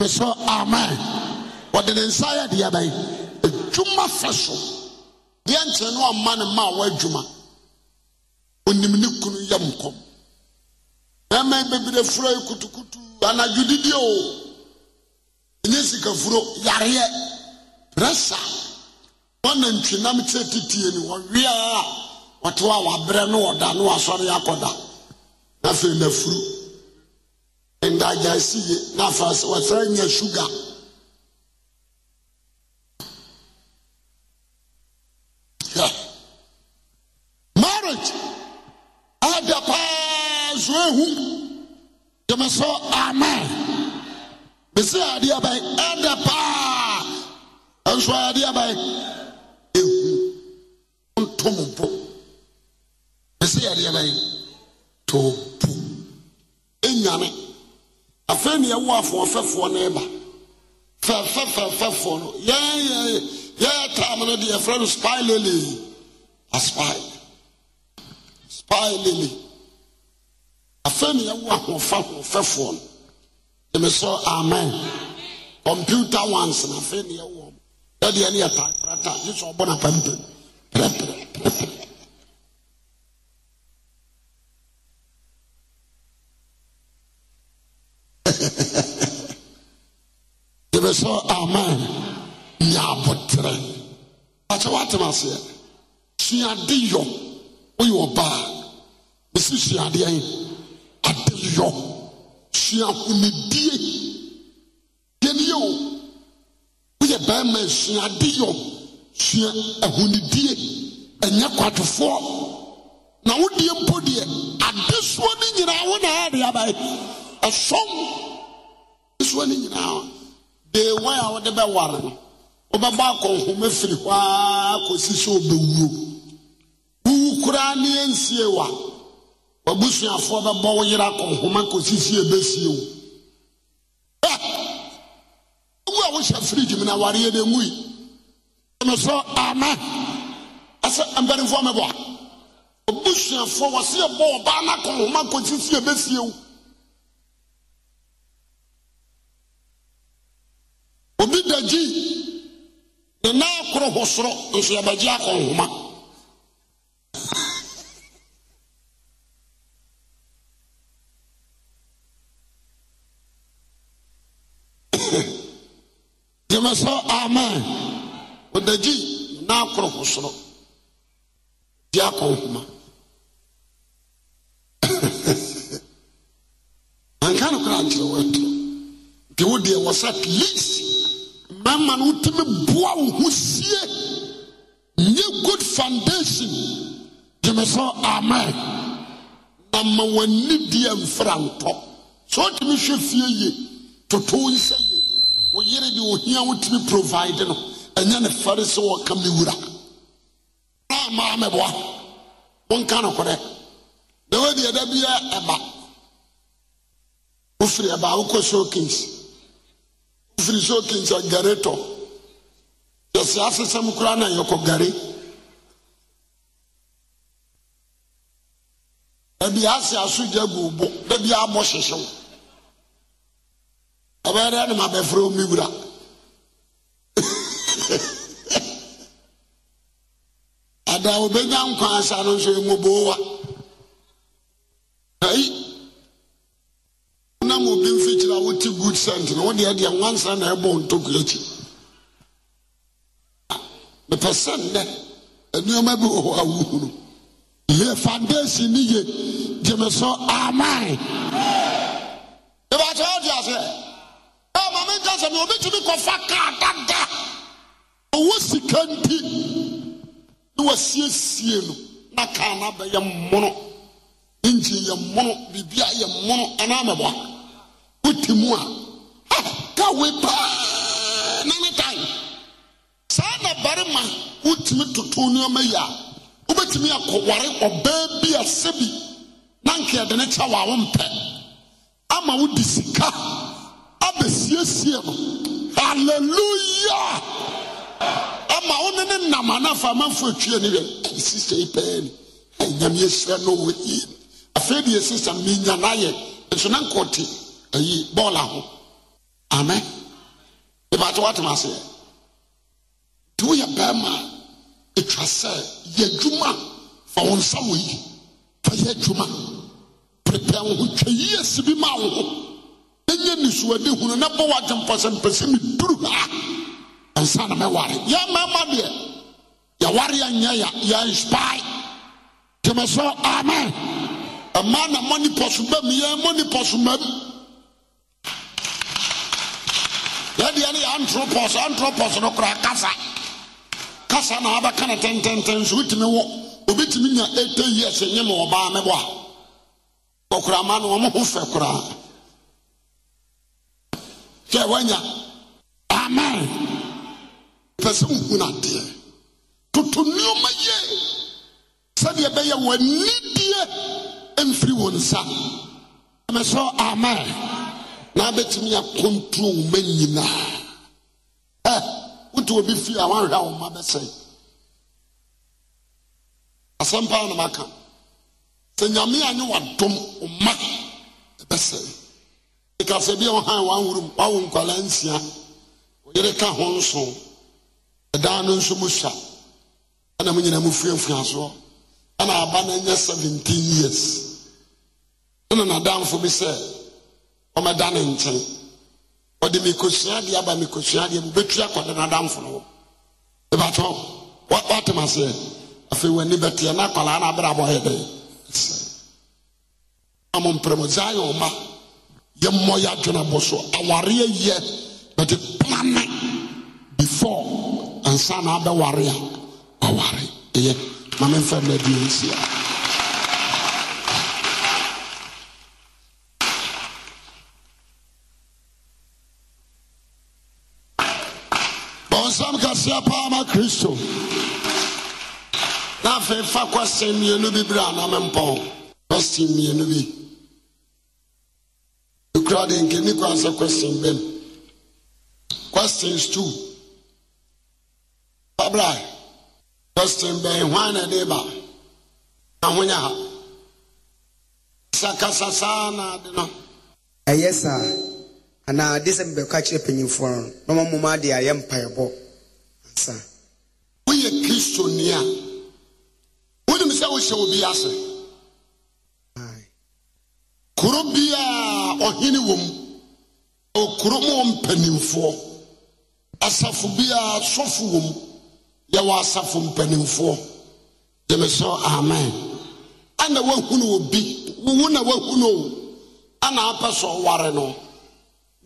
mesɛ amen wɔde ne nsa yɛ deɛ bɛn adwuma fɛ so deɛ nkyɛn no ama ne ma a wɔadwuma onim ne kunu yɛ nkɔm bɛrima yi bebree fura yi kutukutu anadwo didi o ɛnyɛ sikafuro yareɛ pressure wɔn na ntwenam kyerɛ titie ni wɔwea a wɔte hɔ a wabrɛ no wɔda no wasɔre akɔda na afei na furu ndagya si yie n'afa wɔsɛn nyɛ suga. marriage ada paa so ehu dama sɔ amen bese adeɛ bɛn ada paa nso adeɛ bɛn ehu ntom po bese adeɛ bɛn to po afei ne yɛwo afoɔfɛfoɔ no ba fɛfɛfɛfɛfoɔ no yɛyɛ tam no deɛ yɛfrɛ no spy lily aspy spy lily afei ne yɛwo ahoɔfɛfoɔ no ɛmɛ amen computer ones na afei ne yɛwo yɛdeɛ ne yɛ taprata gye sɛ ɔbɔ na pampam prɛprɛprɛprɛ mɛ sɛ amen nyɛ aboterɛ akyɛ woatem aseɛ suadeyɔ woyɛ ɔbaa mɛsi suadeɛ adeyɔ suahomedie yɛneyɛ o woyɛ bɛrima suadeyɔ sua ahonidie ɛnyɛ kwadofoɔ na wodie mpo deɛ adesoɔ ni nyinaa wo na ɛde abae ɛsɔm adesoɔ no nyinaa de wọn a wɔde bɛ ware no wɔbɛbɔ akɔnhoma firi hɔ ara kɔsi sɛ ɔbɛwuo wuwu koraa ne yɛnsie wa wabusuafoɔ bɛbɔ wo yere akɔnhoma kɔsi sɛ ɛbɛsie wo wu a wohyɛ firigi mu na wareɛ no ɛmui ɛno sɛ ama ɛsɛ mpanimfoɔ mɛbɔ a ɔbusuafoɔ wɔse ɛbɔ ɔbaa no akɔnhoma kɔsi sɛ ɛbɛsie wo obi dagyi ne nan koro ho soro nso yɛbɛgye akɔ nhoma gyeme [coughs] sɛ amen ɔdagyi ne nan koro ho soro gye akɔ nhoma [coughs] anka no koraa nkyerɛ wɔaturo nti wɔ sɛ at least mmarima no wotumi boa wo ho sie nyɛ good foundation gyeme sɛ amen na ma w'ani deɛ mfra ntɔ sɛ wotumi hwɛ fie yie toto wo nsa yie wo yere de ohia wotumi provide no ɛnyɛ ne fɛre sɛ wɔka me wura na maa mɛboa wonka no korɛ na wadeɛ da biara ɛba wofiri ɛba wokɔ showcase firi so kinkyɛ gare tɔ yɛsɛ asesɛm koraa na yɛkɔ gare baabi ase aso gya gu bo baabi abɔ hyehyew ɛbɛyɛ dɛ ɛnum abɛfra omi wura [laughs] ada obenya nkwa asa no nso enwobowa ayi nam obi mfikyiri a wote good sent na wode ɛdeɛ nwansa na ɛbɔ ntokua akyi mepɛ sɛ nnɛ nneɛma bi wɔ hɔ a wohunu yɛ foundation ne ye gye me so aman ɛbɛkyɛ wode aseɛ ɛ ma menka sɛ me obɛtumi kɔfa kaa dada ɔwɔ sika nti ne wasiesie no na kaa no abɛyɛ mmono engine yɛ mmono biribia yɛ mmono anaa mɛboa wote mu a ka wei paa na ne dan saa na barima wotumi toto nneɔma yi a wobɛtumi akɔware ɔbaa bi asɛ bi na nka yɛde ne kyɛ wɔ a wompɛ ama wode sika abɛsiesie no haleluya ama wo ne ne nam anafa amanfo atwie ne wɛ sista yi pɛɛ ni ɛnyam yɛhyira no wɔ yi afei deɛ sista menyana yɛ nso na te. ayi bɔɔl aho amen ebaate wate ma seɛ te woyɛ bɛrima etwa sɛ yɛ adwuma fa wɔn nsa wɔ yi fa yɛ adwuma prepare wo ho twa yie si bi ma wo ho enye nisuade hunu ne bɔ wagye mpɔsɛ mpɛsɛ mi duru ha nsa na mɛware yɛ mɛma deɛ yɛware yɛnyɛ ya yɛ inspire tɛmɛ sɛ amen ɛmaa na mɔ nipɔso bɛm yɛn mɔ nipɔso mɛm. yɛdeɛ ne anthropos, anthropos antropos no koraa kasa kasa na wabɛka kana tententen so wotumi wɔ obɛtumi nya ɛte years nye ma ɔbaa mɛbɔ a ɔkorama no ɔmo ho fɛ koraa sɛ wanya amen pɛ sɛ wohu no adeɛ toto nneɔma yie sɛdeɛ ɛbɛyɛ w'anidie mfiri wo nsa mɛsɛ amen na abɛtumi akɔntu nwoma nyinaa ɛ wotu obi fi a wanhwɛ ahoma bɛsɛe asɛm paa na maka sɛ nyame a ne wadom ɔma ɛbɛsɛe ɛkasɛ bi a ɔhan wanwurum wawo nkwala nsia ɔyere ka ho nso ɛdan no nso mu sua ɛna mo nyinaa mo fuafua soɔ ɛna aba na nyɛ 17 years ɛna nadamfo bi sɛ ɔmɛda ne nkyɛn ɔde mekosua deɛ aba mekosua deɛ mobɛtua kɔde n'adamfo no ebatɔ watem aseɛ afei w'ani bɛteɛ na akwadaa no abrɛ abɔ yɛ dɛ amo mprɛmo zion ma yɛmmɔ yɛ adwene bɔ so awareɛ yɛ bɛte plane before ansa na abɛware a waware ɛyɛ ma memfa mmɛ bi nsia kɛseɛ paa ma kristo na afei fa kwasɛn mmienu bi bere anam mpɔn kwasɛn mmienu bi ekura de nkeni kwan sɛ kwasɛn bɛm kwasɛn stew pabra kwasɛn bɛn hwan na ɛde ba ahonya ha sakasa saa na ade no. ɛyɛ saa anaa de sɛ panyinfoɔ no na wɔn mu ma de ayɛ mpaebɔ. woyɛ kristoni a wonim sɛ wohyɛ obi ase kuro biaa ɔhene wɔ m ɔkuro ma ɔmpanimfoɔ asafo biaa sɔfo wɔ m yɛwɔ asafo mpanimfoɔ gyeme sɛ amen ana woahunu obi wo na woahunu o ana apɛ sɛ ɔware no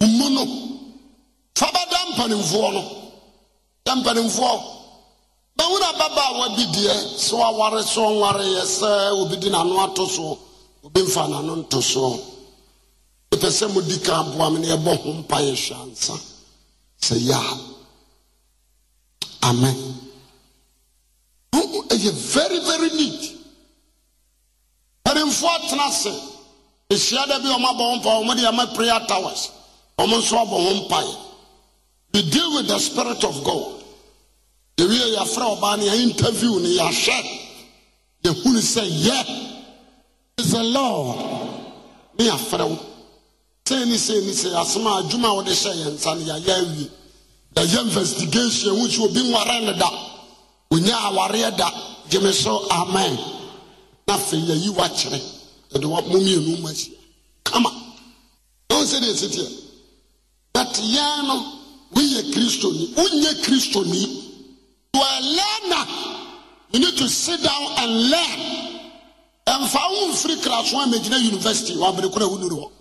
wo mu no fa bɛda mpanimfoɔ no yɛ mpanimfoɔ deɛ sɛ waware so sɛ obi n'ano ato so obi mfa n'ano nto sɛ aboa yɛbɔ ho mpa ansa sɛ amen ɛyɛ very very neat mpanimfoɔ atena ase ɛhyia da bi ɔmo abɔ ho mpaeɛ ɔmo de ama prayer towers ɔmo nso abɔ ho mpaeɛ we deal with the spirit of god yɛwie yɛafrɛ ɔbaa ne yɛ interview ne yɛahwɛ yɛhunu sɛ yɛ it's the lord ne yɛafrɛ wo sei ne say." ne sei asɛm a adwuma a wode hyɛ yɛ nsa no yɛayɛ awie yɛyɛ investigation ɛhu sɛ obi nware ne da ɔnya you da gye me so amen na afei yɛyi wakyerɛ yɛde wamomienu mu ahyia kama ɛhu sɛ deɛ ɛsiteɛ but yɛn no woyɛ kristoni wonyɛ kristoni you You're a learner. You need to sit down and learn. Mfa wo mfiri kraso a megyina university wabere kora wo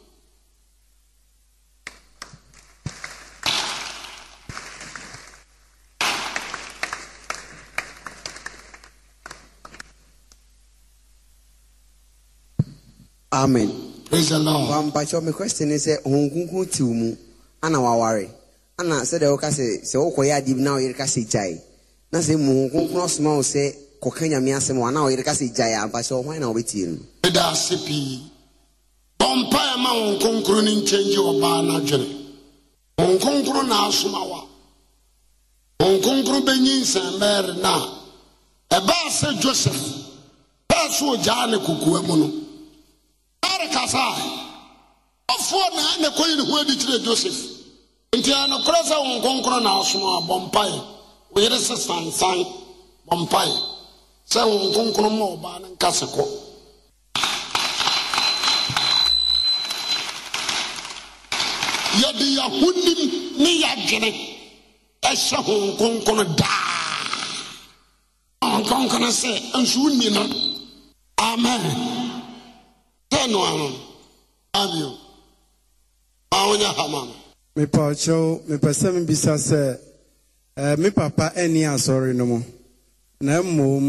Amen. Praise the Lord. Wa mpatsɛ ɔmi question ni sɛ ohun kunkun ti mu ana waware ana sɛ de ɔka sɛ sɛ ɔkɔ yɛ adi na ɔyɛ ka sɛ gyae. na sɛ mu kronkron soma wo sɛ kɔka nyame asɛm a na ɔyere e e ka sɛ gyae ampa sɛ ɔhwan na wobɛtie no meda ase pii bɔ mpaeɛ ma wo nkonkro ne nkyɛngye ɔbaa no adwene wo nkonkro na asoma wo a wo nkonkro bɛnyi nsɛmmɛɛre no a ɛbaa sɛ joseph bɛɛ so ɔgyaa ne kokoa mu no ɛreka saa ɔfoɔ na ne kɔyi ne ho adi kyerɛ joseph nti ɛnokorɛ sɛ wo nkonkro na asoma abɔ mpaeɛ wo yere se sansan bɔ mpae sɛ wo nkonkron ma ɔbaa no nka se kɔ yɛde yɛhonim ne yɛadwene ɛhyɛ ho nkonkron daa nkonkron sɛ nso wonni no amen sɛ no ano abio ma wonyɛ hama no mepɛ ɔkyɛw mepɛ sɛ mebisa sɛ Eh, me papa ani asɔre no mu na mmom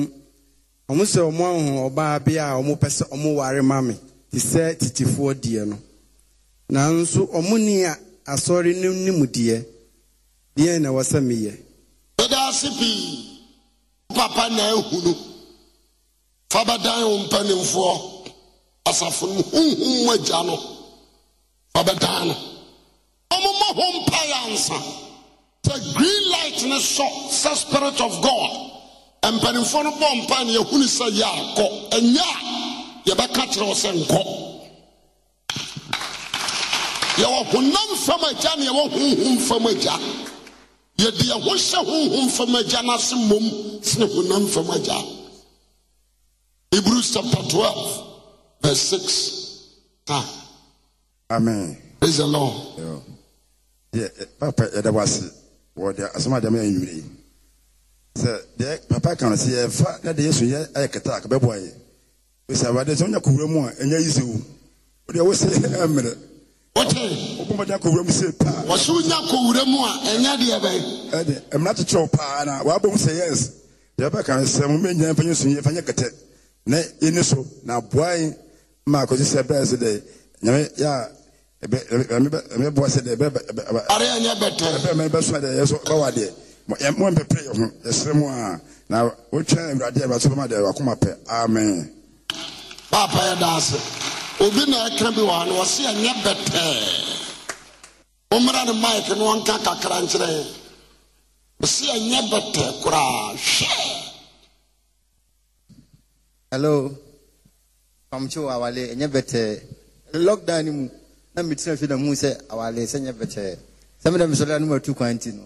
ɔmo sɛ ɔmo ahu ɔbaa bi a ɔmo pɛ sɛ ɔmo ware ma me te sɛ titifoɔ deɛ no nanso ɔmo ni a asɔre no nim deɛ deɛ na ɛwɔ sɛ meyɛ. ɛda ase pii papa na ehu no fabɛdan wo mpanimfoɔ asafo no huhum agya no fabɛdan no ɔmo mɔ hɔ mpa yɛ ansa. a green light ne sɔ sɛ spirit of god mpanimfoɔ no bɔ mpa ne yɛhunu sɛ yɛ akɔ ɛnyɛ a yɛbɛka kyerɛ wo sɛ nkɔ yɛwɔ honam fam agya ne yɛwɔ You fam agya yɛde yɛho hyɛ honhom fam agya no ase mmom hebrews chapter 12 verse 6 amen praise the lord yeah. Yeah, Papa, yeah, was wɔde asɛm adama yɛ nwiri sɛ deɛ papa kan sɛ fa na de yesu yɛ ayɛ kɛtɛ a kabɛboa yɛ sɛ awurade sɛ wonya kowura mu a ɛnyɛ yi sɛ wo wodeɛ wo sɛ ɛmmerɛ wobɔmɔden akɔwura mu sɛ paa wɔsɛ wonya kowura mu a ɛnyɛ deɛ bɛn ɛde mmara kyekyerɛw paa na waabɔ mu sɛ yes deɛ papa kan sɛ mo mɛnya mfa nyɛ sunyɛ fa nyɛ kɛtɛ na ɛni so na aboa yɛ ma akɔsi sɛ bɛɛ sɛ dɛ nyame yɛ mɛboa sɛ dɛbɛsoma dɛ yɛ so bɛwa deɛ mo mpɛpɛ yɛ ho yɛserɛ mu a na wotwa awurade a bɛso bɛma deɛ wakoma pɛ amen papa yɛ daase obi na ɛka bi wɔ ha no wɔse ɛnyɛ bɛtɛɛ wommra ne mike no ɔnka kakra nkyerɛ wɔse ɛnyɛ bɛtɛɛ koraa hwɛ hello pamkyewo awale ɛnyɛ bɛtɛɛ lockdown mu na metena hwɛ na mu sɛ awale sɛ nyɛ bɛkyɛɛ sɛ medɛ mesɔre a no matu kwan nti no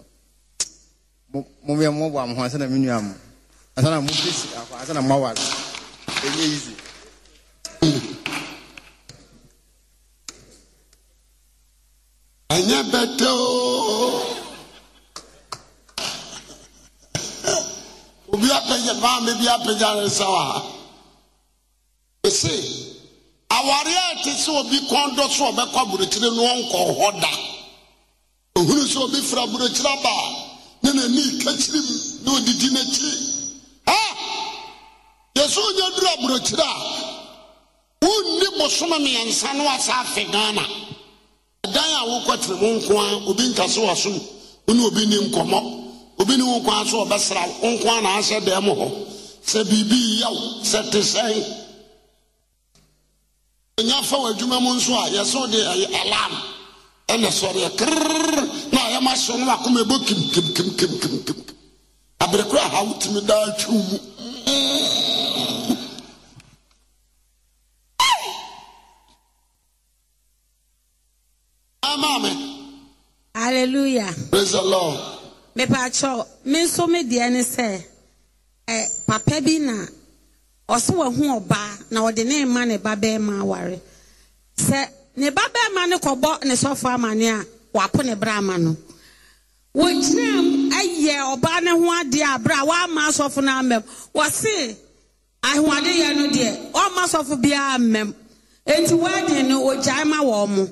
momeɛ mɔbɔ mo ho asɛ na menua mo asɛ na mobɛsi akɔ asɛ na moawale ɛnyɛ e easy ɛnyɛ e bɛtɛ o obi apɛgya baa me bi apɛgya ne nsa wa ɛse e awari a ɛte sɛ obi kɔn dɔ so ɔbɛkɔ aburokyire no ɔnkɔ hɔ da ohunu sɛ obi fira aburokyire aba a ne n'ani kakyiri mu na odidi n'akyi ha yɛsɛ onye duru aburokyire a wonni bosom mmiɛnsa no asa afe ghana dan a wokɔtene wo nko a obi nka se wasom wo ne obi ni nkɔmmɔ obi ne wo nko a so ɔbɛsra wo nko a na ahyɛ dan mu hɔ sɛ biribi yɛ wo sɛ te ɛnya fa wɔ adwuma mu nso a yɛsɛ de ɛyɛ alarm ɛna sɔre yɛ na ayɛ ma hyɛ no akoma ɛbɔ kimkimkimkimkim abere kora ha wotumi daa twiw mu Amen. Hallelujah. Praise the Lord. Mepa achọ, me nso me deɛ ne sɛ, ɛ papa bi na ɔsi wahu ɔbaa na ɔde ne ma ne ba bɛrima aware sɛ ne ba bɛrima no kɔbɔ ne sɔfo amane a wapo ne bra ama no wɔgyinam ayɛ ɔbaa ne ho adeɛ a bra wama asɔfo no amam wɔse ahoɔdeyɛ no deɛ ɔma asɔfo biara mmam enti wɔadi no wɔgyae ma wɔn mo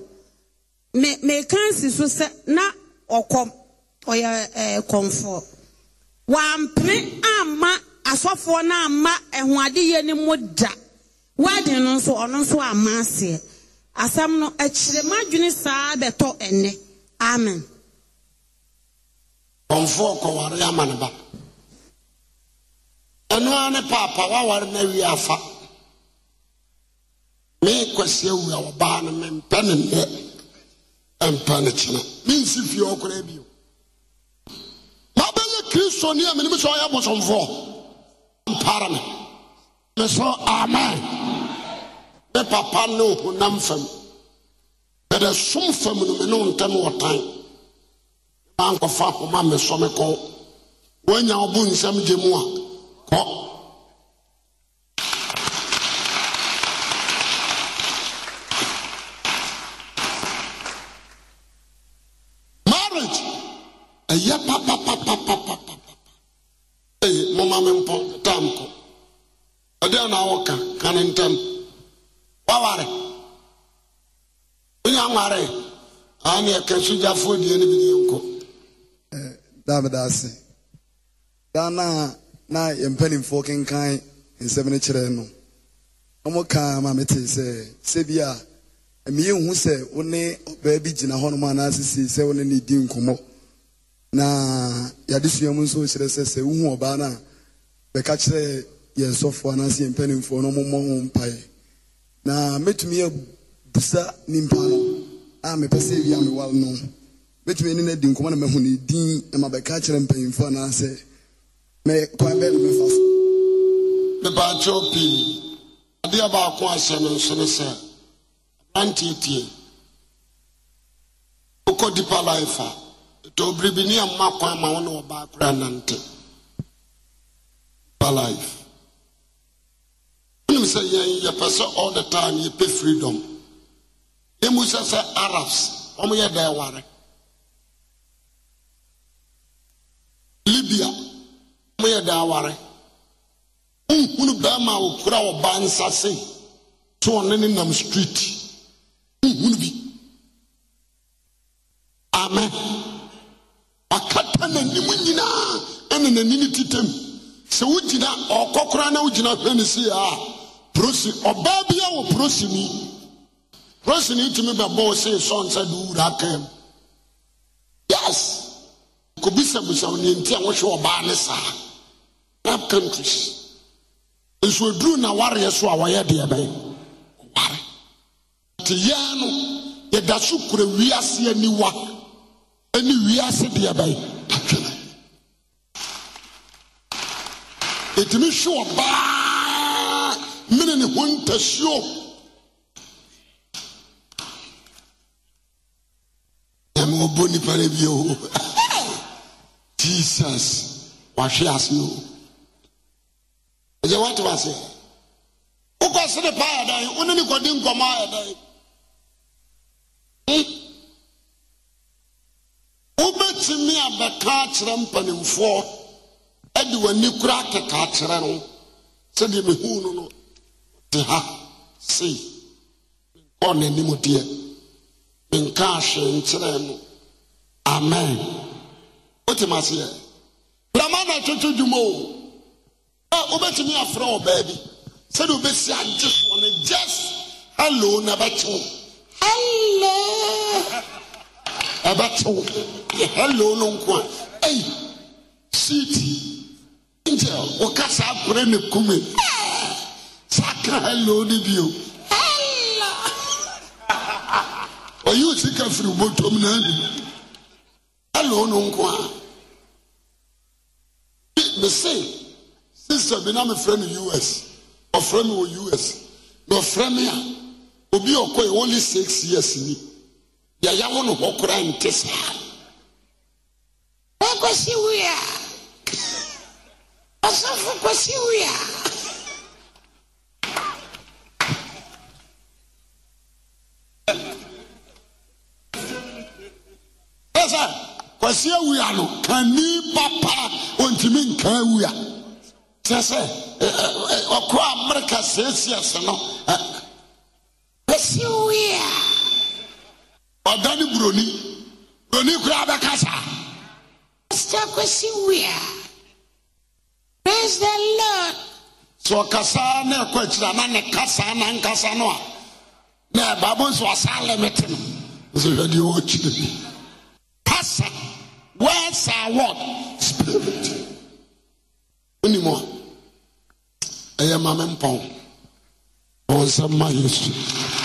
me mekansi so sɛ na ɔkɔm ɔyɛ ɛɛ kɔmfoɔ wampiri ama. asɔfoɔ no ama ɛhoadeyɛ no mu da wedding no nso ɔno nso ama aseɛ asɛm no akyire madwene saa bɛtɔ ɛnɛ amen kɔmfoɔ kɔware ama ne ba ɛno ara ne paapa waware no awie afa me kwasi awu a wɔbaa no mempɛ ne nnɛ ɛmpɛ ne kyena mensi fie ɔkoraa bio mabɛyɛ kristoni a menim sɛ ɔyɛ abosomfoɔ mpara me mesɛ amen me papa ne honam fam mede som fam no me ne wo ntɛm wɔtan mankɔfa homa mesɔ me kɔ woanya wo bo nsɛm gye mu a kɔ ɔdeɛ na awo ka ka ne onye waware wonya nware aa ne yɛka die ne yɛnkɔ daameda ase na na yɛmpanimfoɔ kenkan nsɛm no kyerɛ no ɔmo ma mete sɛ sɛbi a meyɛhu sɛ wo ne ɔbaa bi gyina sɛ wo ne ne na yɛadesua mu nso kyerɛ sɛ sɛ a bɛka kyerɛ yɛn sɔfoɔ anaasɛ na mpanimfoɔ no ɔmomɔ ho mpaeɛ na mɛtumi abusa nimpa no a mepɛ sɛ wie a mewale no mɛtumi ani no adi nkɔmmɔ na mahu ne din na mabɛka kyerɛ mpanimfoɔ anaasɛ mɛkwan bɛɛ no mɛfa so mepaakyerɛw pii adeɛ baako ahyɛ no nso ne sɛ abrantietie wokɔ dipa life a ɛtɔ obiribini a mma kwan ma wo ne wɔbaa koraa nante dipa life wonim sɛ yɛn sɛ all the time freedom sɛ sɛ arabs ware libia ware nhunu bɛrima ɔne ne street nhunu bi amen wakata n'anim nyinaa titam sɛ wogyina ɔkɔkora na wogyina Polisi ɔbaa bi wɔ polisi prosini tumi bɛbɔ wo sɛ sɔn sɛ de wura aka Yas, yes kɔbisabusa wo nenti a wohwɛ ɔbaa ne saa nap countries nso aduru na wareɛ so a wɔyɛ deɛ bɛn ware nti yaa no yɛda so kura wiase aniwa ne wiase deɛ bɛn atwene ɛtumi hwe ɔbaa mene ne ho ntasuo ɛma ɔbɔ nipa no bio [laughs] jesus wahwe ase no ɛsɛ woate wase wokɔ sere pa ayɛ dɛn wone ne kɔde nkɔmmɔ ayɛ dɛn hmm? wobɛtumi abɛka akyerɛ mpanimfoɔ ɛde w'ani kora akeka akyerɛ no sɛdeɛ mehu no no te ha sei kɔ n'anim deɛ nka ahwɛ nkyerɛ no amen wotim aseɛ brama na twetwe dwuma o a wobɛtumi afrɛ wɔ baabi sɛdeɛ wobɛsi agye soɔ no just hello na ɛbɛkyew hello ɛbɛkyew yɛ hello no nko a ei seat nkyɛ wɔka saa kore ne kume aka hello ni bi o ɔyi o sika firi bɔtɔm naa ni hello no nko a mese sista bi na mi fira mi us ɔfira mi wɔ us na ɔfira mi a obi ɔkɔ yi only six years ni yaya wɔn hɔ kora nte saa ɔkɔ si wuya ɔsɔfo kɔ si wuya. ɔsi awia no kani papa ontumi nka awia kyerɛ sɛ ɔkoro amerika no ɔsi eh. awia ɔda buroni buroni koraa bɛka saa pastor kwesi wia praise the lord sɛ ɔkasa na ɛkɔ akyiri ana ne kasa na nkasa no a na ɛbaabo nso ɔsa limit no sɛ hwɛ deɛ ɔkyiri bi pastor Where's our what? Spirit. Anymore. I am a man, Paul. I was a man, Jesus.